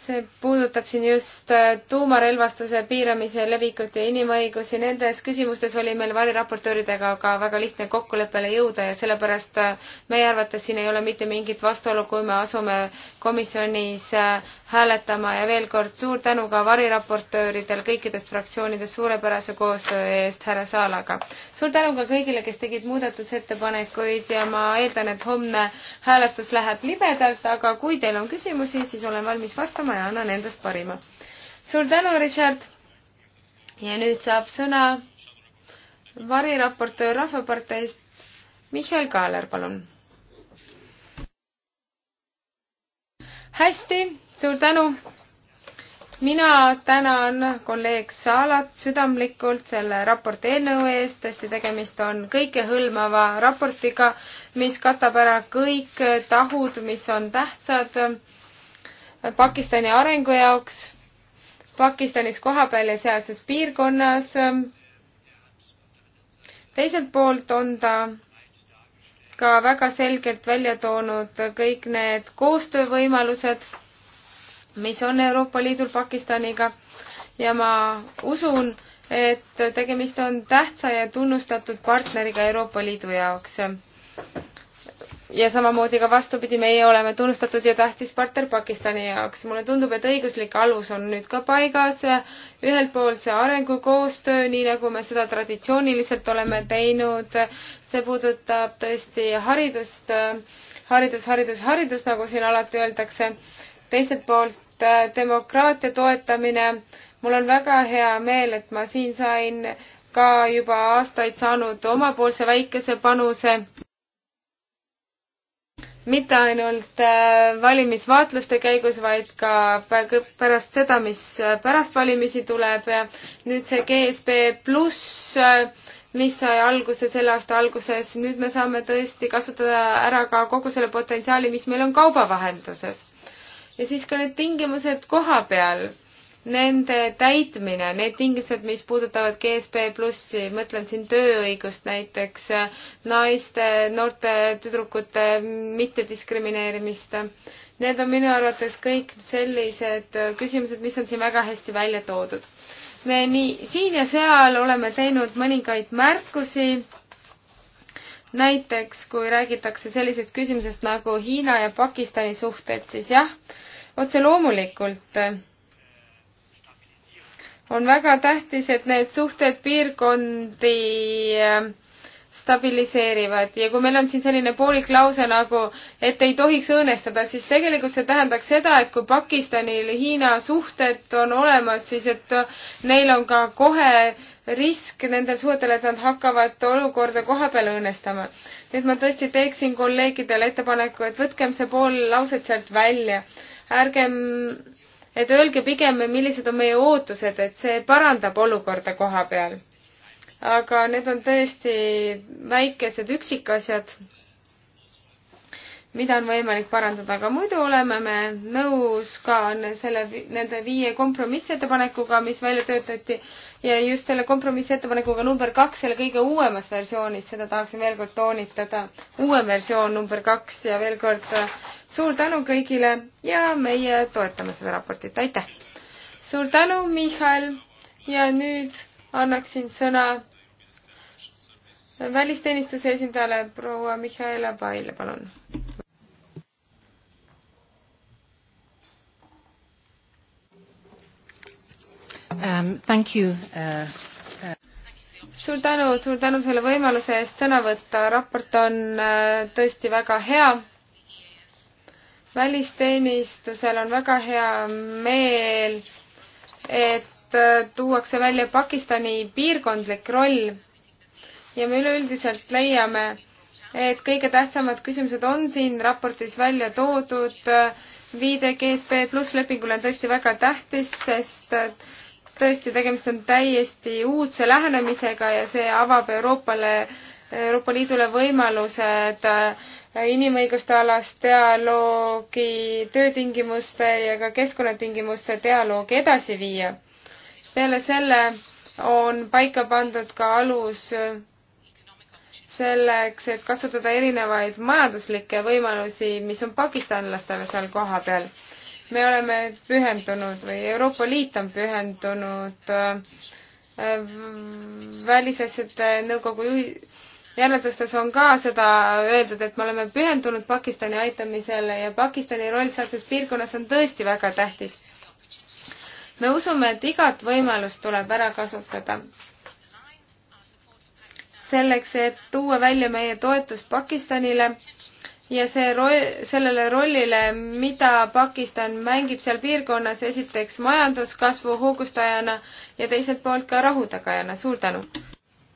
see puudutab siin just äh, tuumarelvastuse piiramise levikut ja inimõigusi. Nendes küsimustes oli meil variraportööridega ka väga lihtne kokkuleppele jõuda ja sellepärast äh, meie arvates siin ei ole mitte mingit vastuolu, kui me asume komisjonis äh, hääletama ja veel kord suur tänu ka variraportööridel kõikidest fraktsioonidest suurepärase koostöö eest härra Saalaga. suur tänu ka kõigile, kes tegid muudatusettepanekuid ja ma eeldan, et homne hääletus läheb libedalt, aga kui teil on küsimusi, siis olen valmis vastama ja annan endast parima. suur tänu, Richard! ja nüüd saab sõna variraportöör Rahvaparteist Mihhail Kaaler, palun. hästi, suur tänu. mina tänan kolleeg Saalat südamlikult selle raporti eelnõu eest, tõesti tegemist on kõikehõlmava raportiga, mis katab ära kõik tahud, mis on tähtsad Pakistani arengu jaoks Pakistanis kohapeal ja sealses piirkonnas. teiselt poolt on ta ka väga selgelt välja toonud kõik need koostöövõimalused, mis on Euroopa Liidul Pakistaniga ja ma usun, et tegemist on tähtsa ja tunnustatud partneriga Euroopa Liidu jaoks ja samamoodi ka vastupidi, meie oleme tunnustatud ja tähtis partner Pakistani jaoks. mulle tundub, et õiguslik alus on nüüd ka paigas. ühelt poolt see arengukoostöö, nii nagu me seda traditsiooniliselt oleme teinud, see puudutab tõesti haridust, haridus, haridus, haridus, nagu siin alati öeldakse. teiselt poolt äh, demokraatia toetamine. mul on väga hea meel, et ma siin sain ka juba aastaid saanud omapoolse väikese panuse mitte ainult äh, valimisvaatluste käigus, vaid ka pärast seda, mis äh, pärast valimisi tuleb. nüüd see GSB pluss, äh, mis sai alguse selle aasta alguses, nüüd me saame tõesti kasutada ära ka kogu selle potentsiaali, mis meil on kaubavahenduses. ja siis ka need tingimused koha peal nende täitmine, need tingimused, mis puudutavad GSB plussi, mõtlen siin tööõigust näiteks, naiste, noorte tüdrukute mittediskrimineerimist. Need on minu arvates kõik sellised küsimused, mis on siin väga hästi välja toodud. me nii siin ja seal oleme teinud mõningaid märkusi. näiteks kui räägitakse sellisest küsimusest nagu Hiina ja Pakistani suhted, siis jah, otse loomulikult on väga tähtis, et need suhted piirkondi äh, stabiliseerivad ja kui meil on siin selline poolik lause nagu, et ei tohiks õõnestada, siis tegelikult see tähendaks seda, et kui Pakistanil Hiina suhted on olemas, siis et neil on ka kohe risk nendel suhetel, et nad hakkavad olukorda koha peal õõnestama. nii et ma tõesti teeksin kolleegidele ettepaneku, et võtkem see pool lauset sealt välja. ärgem et öelge pigem, millised on meie ootused, et see parandab olukorda koha peal. aga need on tõesti väikesed üksikasjad, mida on võimalik parandada, aga muidu oleme me nõus ka selle, nende viie kompromissettepanekuga, mis välja töötati ja just selle kompromissettepanekuga number kaks, selle kõige uuemas versioonis, seda tahaksin veel kord toonitada. uuem versioon number kaks ja veel kord äh, suur tänu kõigile ja meie toetame seda raportit, aitäh! suur tänu, Michal ja nüüd annaksin sõna välisteenistuse esindajale proua Mihhail Abaile, palun! um,. Thank you uh,. Uh... suur tänu, suur tänu selle võimaluse eest sõna võtta, raport on uh, tõesti väga hea. välisteenistusel on väga hea meel, et uh, tuuakse välja Pakistani piirkondlik roll ja me üleüldiselt leiame, et kõige tähtsamad küsimused on siin raportis välja toodud viide GSP pluss lepingule on tõesti väga tähtis, sest uh, tõesti, tegemist on täiesti uudse lähenemisega ja see avab Euroopale, Euroopa Liidule võimalused äh, inimõiguste alast dialoogi, töötingimuste ja ka keskkonnatingimuste dialoogi edasi viia. peale selle on paika pandud ka alus selleks, et kasutada erinevaid majanduslikke võimalusi, mis on pakistanlastele seal kohapeal me oleme pühendunud või Euroopa Liit on pühendunud äh, välisasjade nõukogu järeldustes on ka seda öeldud, et me oleme pühendunud Pakistani aitamisele ja Pakistani roll sealses piirkonnas on tõesti väga tähtis. me usume, et igat võimalust tuleb ära kasutada. selleks, et tuua välja meie toetust Pakistanile ja see ro-, sellele rollile, mida Pakistan mängib seal piirkonnas, esiteks majanduskasvu hoogustajana ja teiselt poolt ka rahutagajana, suur tänu!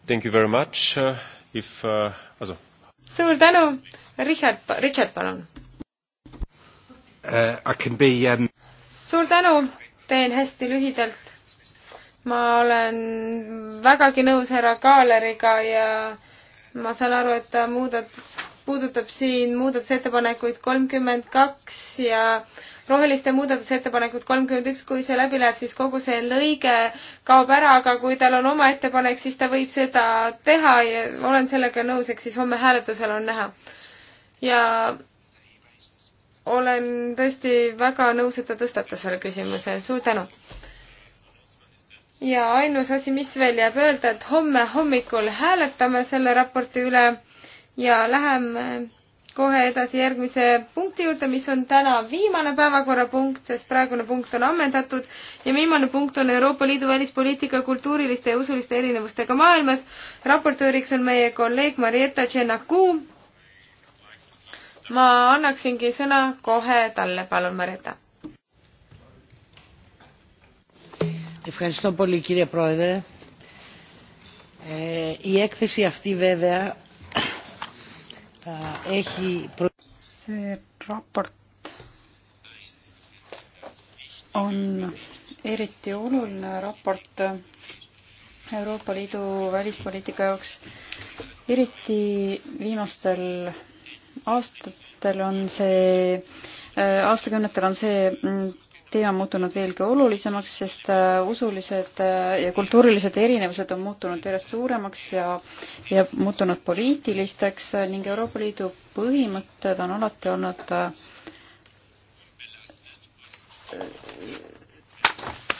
Thank you very much uh,, if uh,, asu. suur tänu, Richard, Richard, palun uh,! I can be um... suur tänu, teen hästi lühidalt. ma olen vägagi nõus härra Kaaleriga ja ma saan aru, et ta muudab puudutab siin muudatusettepanekuid kolmkümmend kaks ja roheliste muudatusettepanekut kolmkümmend üks, kui see läbi läheb, siis kogu see lõige kaob ära, aga kui tal on oma ettepanek, siis ta võib seda teha ja olen sellega nõus, eks siis homme hääletusel on näha. ja olen tõesti väga nõus, et ta tõstatas selle küsimuse, suur tänu! ja ainus asi, mis veel jääb öelda, et homme hommikul hääletame selle raporti üle ja läheme kohe edasi järgmise punkti juurde, mis on täna viimane päevakorrapunkt, sest praegune punkt on ammendatud ja viimane punkt on Euroopa Liidu välispoliitika kultuuriliste ja usuliste erinevustega maailmas. raportööriks on meie kolleeg Marietta Tšenaku. ma annaksingi sõna kohe talle, palun, Marietta. Ευχαριστώ πολύ κύριε Πρόεδρε. Ε, η έκθεση αυτή βέβαια see raport on eriti oluline raport Euroopa Liidu välispoliitika jaoks. eriti viimastel aastatel on see, äh, aastakümnetel on see mm, tee on muutunud veelgi olulisemaks, sest äh, usulised äh, ja kultuurilised erinevused on muutunud järjest suuremaks ja, ja muutunud poliitilisteks äh, ning Euroopa Liidu põhimõtted on alati olnud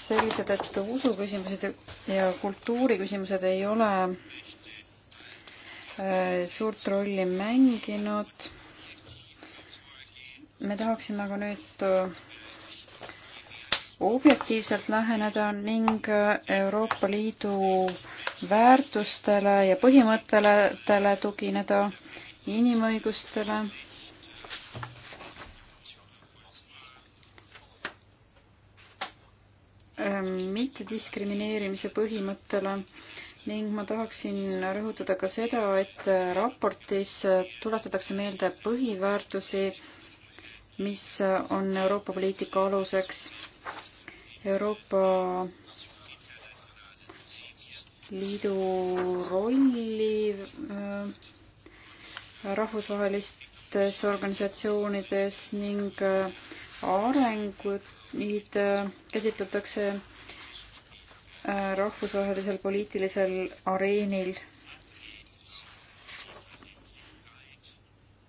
sellised, et usuküsimused ja kultuuriküsimused ei ole suurt rolli mänginud. me tahaksime aga nüüd objektiivselt läheneda ning äh, Euroopa Liidu väärtustele ja põhimõtetele tugineda, inimõigustele. Ähm, mittediskrimineerimise põhimõttele ning ma tahaksin rõhutada ka seda, et äh, raportis äh, tuletatakse meelde põhiväärtusi, mis on Euroopa poliitika aluseks Euroopa Liidu rolli äh, rahvusvahelistes organisatsioonides ning äh, arenguid äh, käsitletakse rahvusvahelisel poliitilisel areenil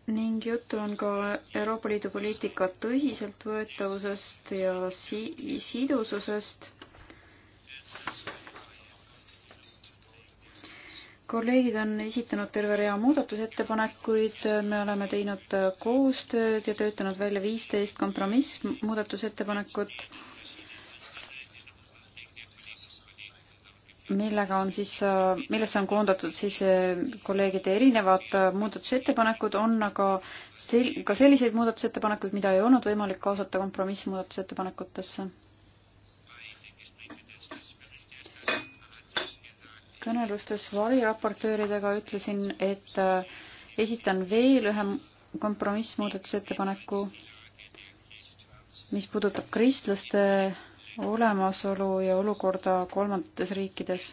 ning juttu on ka Euroopa Liidu poliitika tõsiseltvõetavusest ja si sidususest. kolleegid on esitanud terve rea muudatusettepanekuid, me oleme teinud koostööd ja töötanud välja viisteist kompromissmuudatusettepanekut millega on siis, millesse on koondatud siis eh, kolleegide erinevad eh, muudatusettepanekud, on aga sel-, ka selliseid muudatusettepanekuid, mida ei olnud võimalik kaasata kompromissmuudatusettepanekutesse. kõnelustes variraportööridega ütlesin, et eh, esitan veel ühe kompromissmuudatusettepaneku, mis puudutab kristlaste olemasolu ja olukorda kolmandates riikides,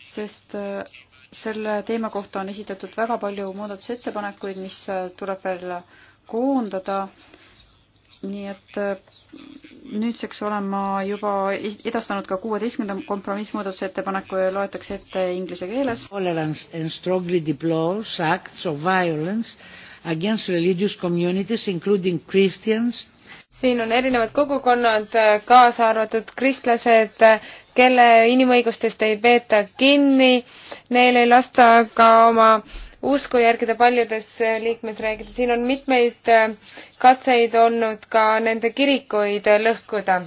sest äh, selle teema kohta on esitatud väga palju muudatusettepanekuid, mis äh, tuleb veel koondada. nii et äh, nüüdseks olen ma juba edastanud ka kuueteistkümnenda kompromissmuudatusettepaneku ja loetakse ette inglise keeles. Tolerance and strongly deplores acts of violence against religious communities including Christians siin on erinevad kogukonnad, kaasa arvatud kristlased, kelle inimõigustest ei peeta kinni, neil ei lasta ka oma usku järgida paljudes liikmesriikides. siin on mitmeid katseid olnud ka nende kirikuid lõhkuda.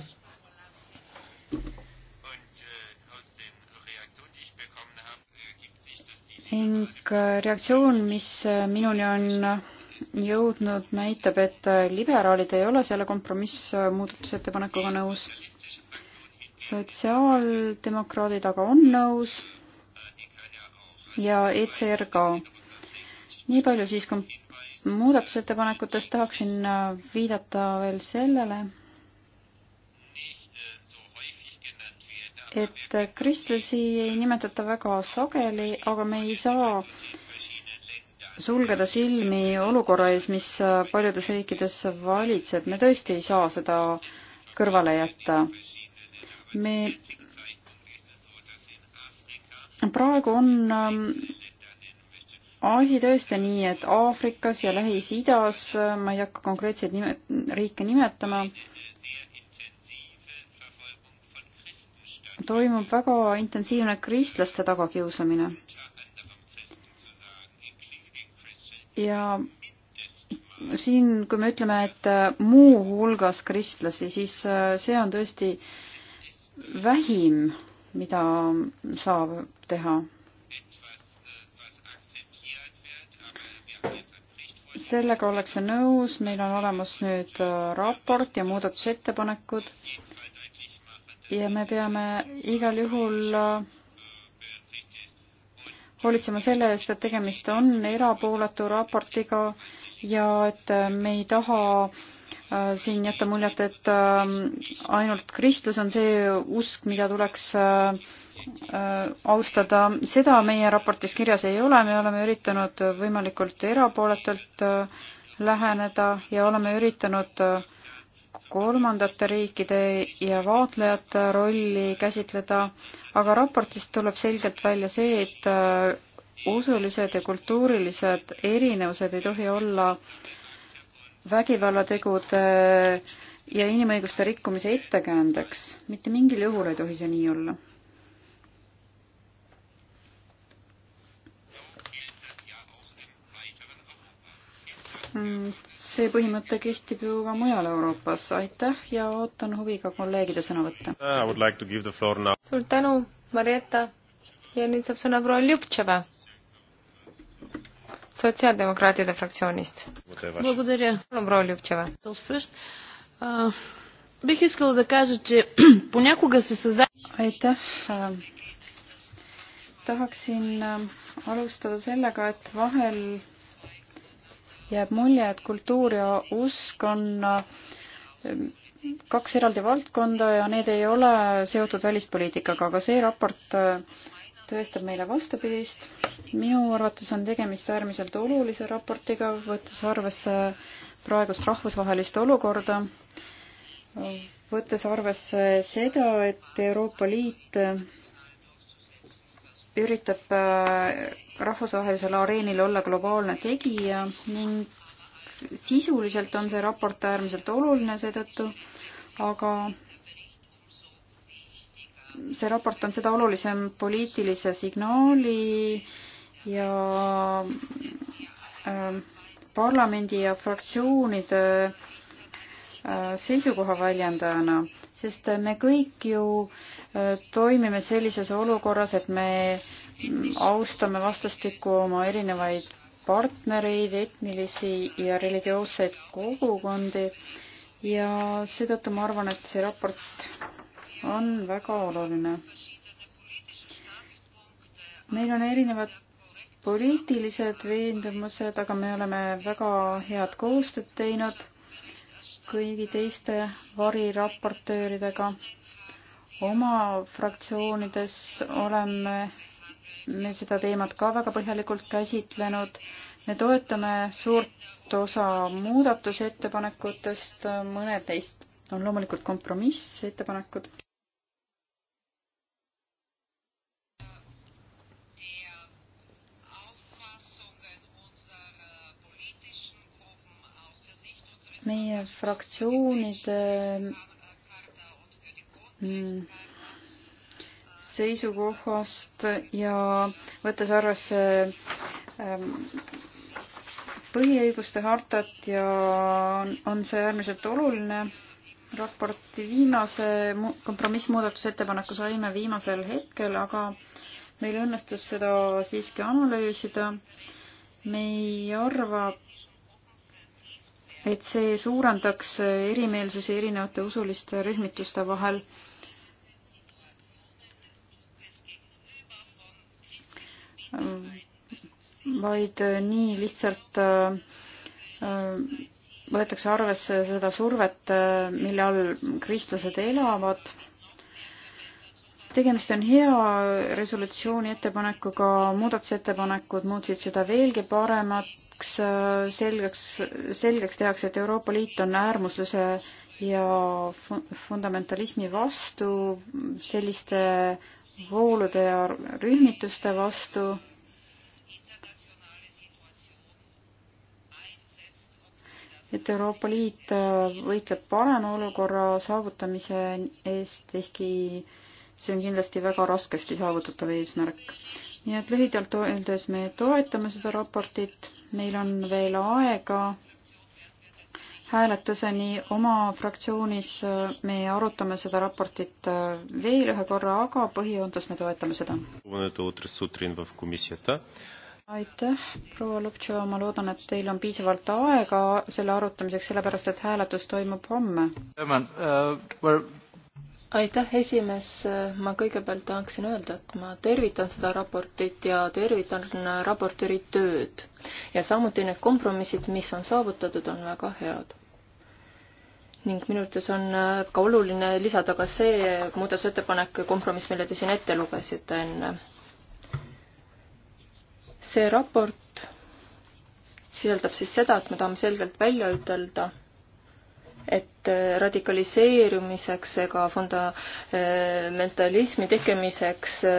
ning reaktsioon, mis minuni on jõudnud, näitab, et liberaalid ei ole selle kompromissmuudatusettepanekuga nõus. sotsiaaldemokraadid aga on nõus ja ECR ka. nii palju siis muudatusettepanekutest tahaksin äh, viidata veel sellele, et kristlasi ei nimetata väga sageli, aga me ei saa äh, sulgeda silmi olukorra ees, mis paljudes riikides valitseb, me tõesti ei saa seda kõrvale jätta. me praegu on ähm, asi tõesti nii, et Aafrikas ja Lähis-Idas, äh, ma ei hakka konkreetseid nime, riike nimetama, toimub väga intensiivne kristlaste tagakiusamine ja siin, kui me ütleme, et äh, muuhulgas kristlasi, siis äh, see on tõesti vähim, mida saab teha. sellega ollakse nõus, meil on olemas nüüd äh, raport ja muudatusettepanekud ja me peame igal juhul hoolitsema selle eest, et tegemist on erapooletu raportiga ja et me ei taha äh, siin jätta muljet, et äh, ainult kristlus on see usk, mida tuleks äh, austada, seda meie raportis kirjas ei ole, me oleme üritanud võimalikult erapooletult läheneda ja oleme üritanud äh, kolmandate riikide ja vaatlejate rolli käsitleda, aga raportist tuleb selgelt välja see, et äh, usulised ja kultuurilised erinevused ei tohi olla vägivallategude ja inimõiguste rikkumise ettekäändeks. mitte mingil juhul ei tohi see nii olla see põhimõte kehtib ju ka mujal Euroopas. aitäh ja ootan huviga kolleegide sõnavõtte uh,. Like suur tänu, Marietta. ja nüüd saab sõna proua Ljubtševa sotsiaaldemokraatide fraktsioonist. palun, proua Ljubtševa. aitäh tahaksin alustada sellega, et vahel jääb mulje, et kultuur ja usk on ähm, kaks eraldi valdkonda ja need ei ole seotud välispoliitikaga, aga see raport äh, tõestab meile vastupidist. minu arvates on tegemist äärmiselt olulise raportiga, võttes arvesse praegust rahvusvahelist olukorda, võttes arvesse seda, et Euroopa Liit üritab äh, rahvusvahelisel areenil olla globaalne tegija ning sisuliselt on see raport äärmiselt oluline seetõttu, aga see raport on seda olulisem poliitilise signaali ja äh, parlamendi ja fraktsioonide äh, seisukoha väljendajana, sest me kõik ju äh, toimime sellises olukorras, et me austame vastastikku oma erinevaid partnereid, etnilisi ja religioosseid kogukondi ja seetõttu ma arvan, et see raport on väga oluline. meil on erinevad poliitilised veendumused, aga me oleme väga head koostööd teinud kõigi teiste variraportööridega oma fraktsioonides oleme me seda teemat ka väga põhjalikult käsitlenud. me toetame suurt osa muudatusettepanekutest, mõned neist on loomulikult kompromissettepanekud. meie fraktsioonide Mm. seisukohast ja võttes arvesse ähm, põhiõiguste hartat ja on see äärmiselt oluline raporti viimase kompromissmuudatusettepaneku saime viimasel hetkel, aga meil õnnestus seda siiski analüüsida. me ei arva, et see suurendaks erimeelsusi erinevate usuliste rühmituste vahel vaid äh, nii lihtsalt äh, äh, võetakse arvesse seda survet, mille all kristlased elavad. tegemist on hea resolutsiooni ettepanekuga, muudatusettepanekud muutsid seda veelgi paremaks, selgeks, selgeks tehakse, et Euroopa Liit on äärmusluse ja fundamentalismi vastu selliste voolude ja rühmituste vastu. et Euroopa Liit võitleb parema olukorra saavutamise eest, ehkki see on kindlasti väga raskesti saavutatav eesmärk. nii et lühidalt öeldes me toetame seda raportit, meil on veel aega hääletuseni oma fraktsioonis. me arutame seda raportit äh, veel ühe korra, aga põhijoontes me toetame seda. aitäh, proua Luptšova, ma loodan, et teil on piisavalt aega selle arutamiseks, sellepärast et hääletus toimub homme. Uh, aitäh, esimees, ma kõigepealt tahaksin öelda, et ma tervitan seda raportit ja tervitan raportööri tööd ja samuti need kompromissid, mis on saavutatud, on väga head ning minu arvates on äh, ka oluline lisada ka see muudatusettepanek, kompromiss, mille te siin ette lugesite enne. see raport sisaldab siis seda, et me tahame selgelt välja ütelda et äh, radikaliseerumiseks ega fundamentalismi tegemiseks äh,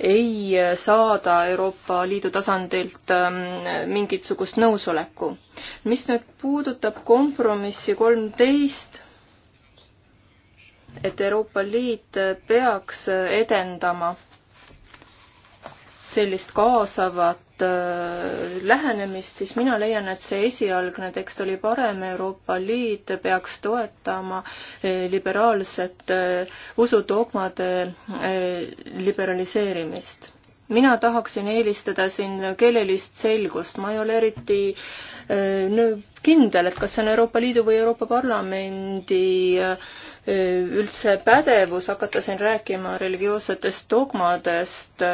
ei saada Euroopa Liidu tasandilt ähm, mingisugust nõusoleku. mis nüüd puudutab kompromissi kolmteist, et Euroopa Liit peaks edendama sellist kaasavat äh, lähenemist, siis mina leian, et see esialgne tekst oli parem, Euroopa Liit peaks toetama äh, liberaalset äh, usudogmade liberaliseerimist. mina tahaksin eelistada siin keelelist selgust, ma ei ole eriti kindel, et kas see on Euroopa Liidu või Euroopa Parlamendi üldse pädevus hakata siin rääkima religioossetest dogmadest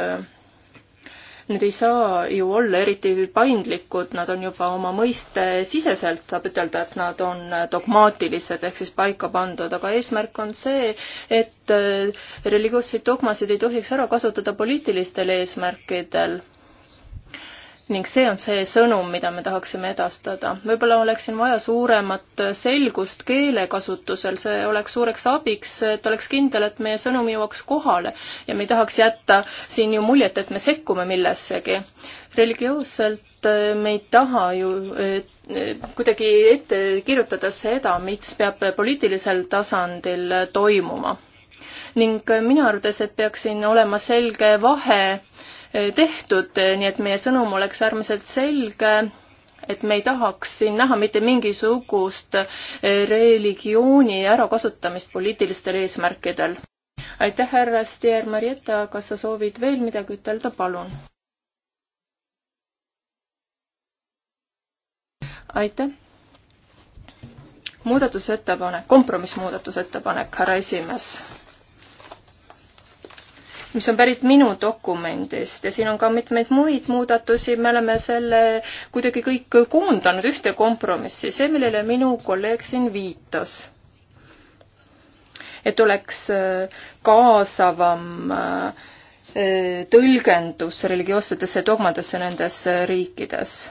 Need ei saa ju olla eriti paindlikud, nad on juba oma mõiste siseselt, saab ütelda, et nad on dogmaatilised ehk siis paika pandud, aga eesmärk on see, et äh, religioosseid dogmasid ei tohiks ära kasutada poliitilistel eesmärkidel ning see on see sõnum, mida me tahaksime edastada. võib-olla oleks siin vaja suuremat selgust keelekasutusel, see oleks suureks abiks, et oleks kindel, et meie sõnum jõuaks kohale ja me ei tahaks jätta siin ju muljet, et me sekkume millessegi. religioosselt äh, me ei taha ju äh, kuidagi ette kirjutada seda, mis peab poliitilisel tasandil toimuma ning äh, minu arvates, et peaks siin olema selge vahe tehtud, nii et meie sõnum oleks äärmiselt selge, et me ei tahaks siin näha mitte mingisugust religiooni ärakasutamist poliitilistel eesmärkidel. aitäh, härra Stier Marietta, kas sa soovid veel midagi ütelda, palun? aitäh. muudatusettepanek, kompromissmuudatusettepanek, härra esimees mis on pärit minu dokumendist ja siin on ka mitmeid muid muudatusi, me oleme selle kuidagi kõik koondanud ühte kompromissi, see, millele minu kolleeg siin viitas et oleks äh, kaasavam äh, tõlgendus religioossetesse dogmadesse nendes äh, riikides.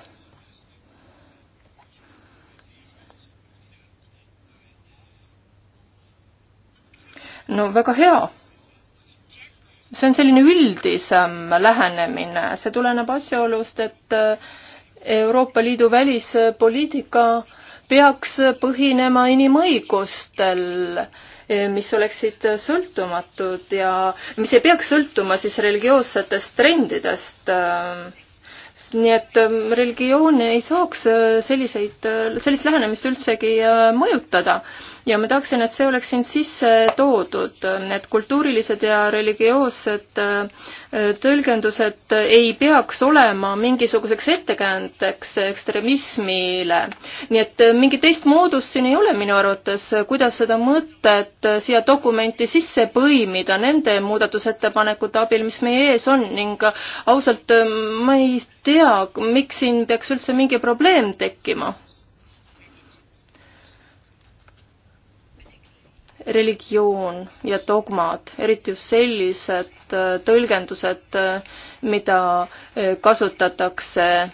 no väga hea see on selline üldisem lähenemine, see tuleneb asjaolust, et äh, Euroopa Liidu välispoliitika peaks põhinema inimõigustel, äh, mis oleksid sõltumatud ja mis ei peaks sõltuma siis religioossetest trendidest. Äh, nii et religioon ei saaks selliseid, sellist lähenemist üldsegi mõjutada ja ma tahaksin, et see oleks siin sisse toodud, need kultuurilised ja religioossed äh, tõlgendused ei peaks olema mingisuguseks ettekäändeks ekstremismile. nii et äh, mingit teist moodust siin ei ole minu arvates, kuidas seda mõtet äh, siia dokumenti sisse põimida nende muudatusettepanekute abil, mis meie ees on ning ausalt ma ei tea, miks siin peaks üldse mingi probleem tekkima religioon ja dogmad, eriti just sellised äh, tõlgendused, äh, mida äh, kasutatakse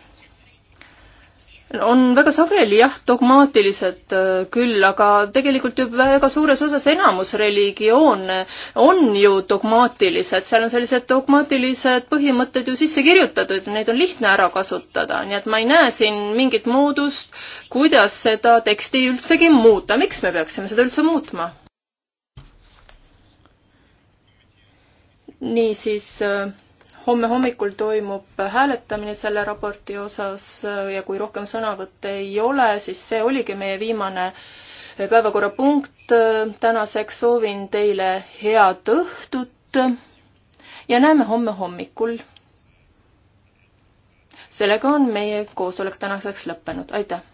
on väga sageli jah, dogmaatilised küll, aga tegelikult ju väga suures osas enamus religioone on ju dogmaatilised, seal on sellised dogmaatilised põhimõtted ju sisse kirjutatud, neid on lihtne ära kasutada, nii et ma ei näe siin mingit moodust, kuidas seda teksti üldsegi muuta, miks me peaksime seda üldse muutma? niisiis äh, homme hommikul toimub hääletamine selle raporti osas äh, ja kui rohkem sõnavõtte ei ole, siis see oligi meie viimane äh, päevakorrapunkt tänaseks. soovin teile head õhtut ja näeme homme hommikul. sellega on meie koosolek tänaseks lõppenud, aitäh!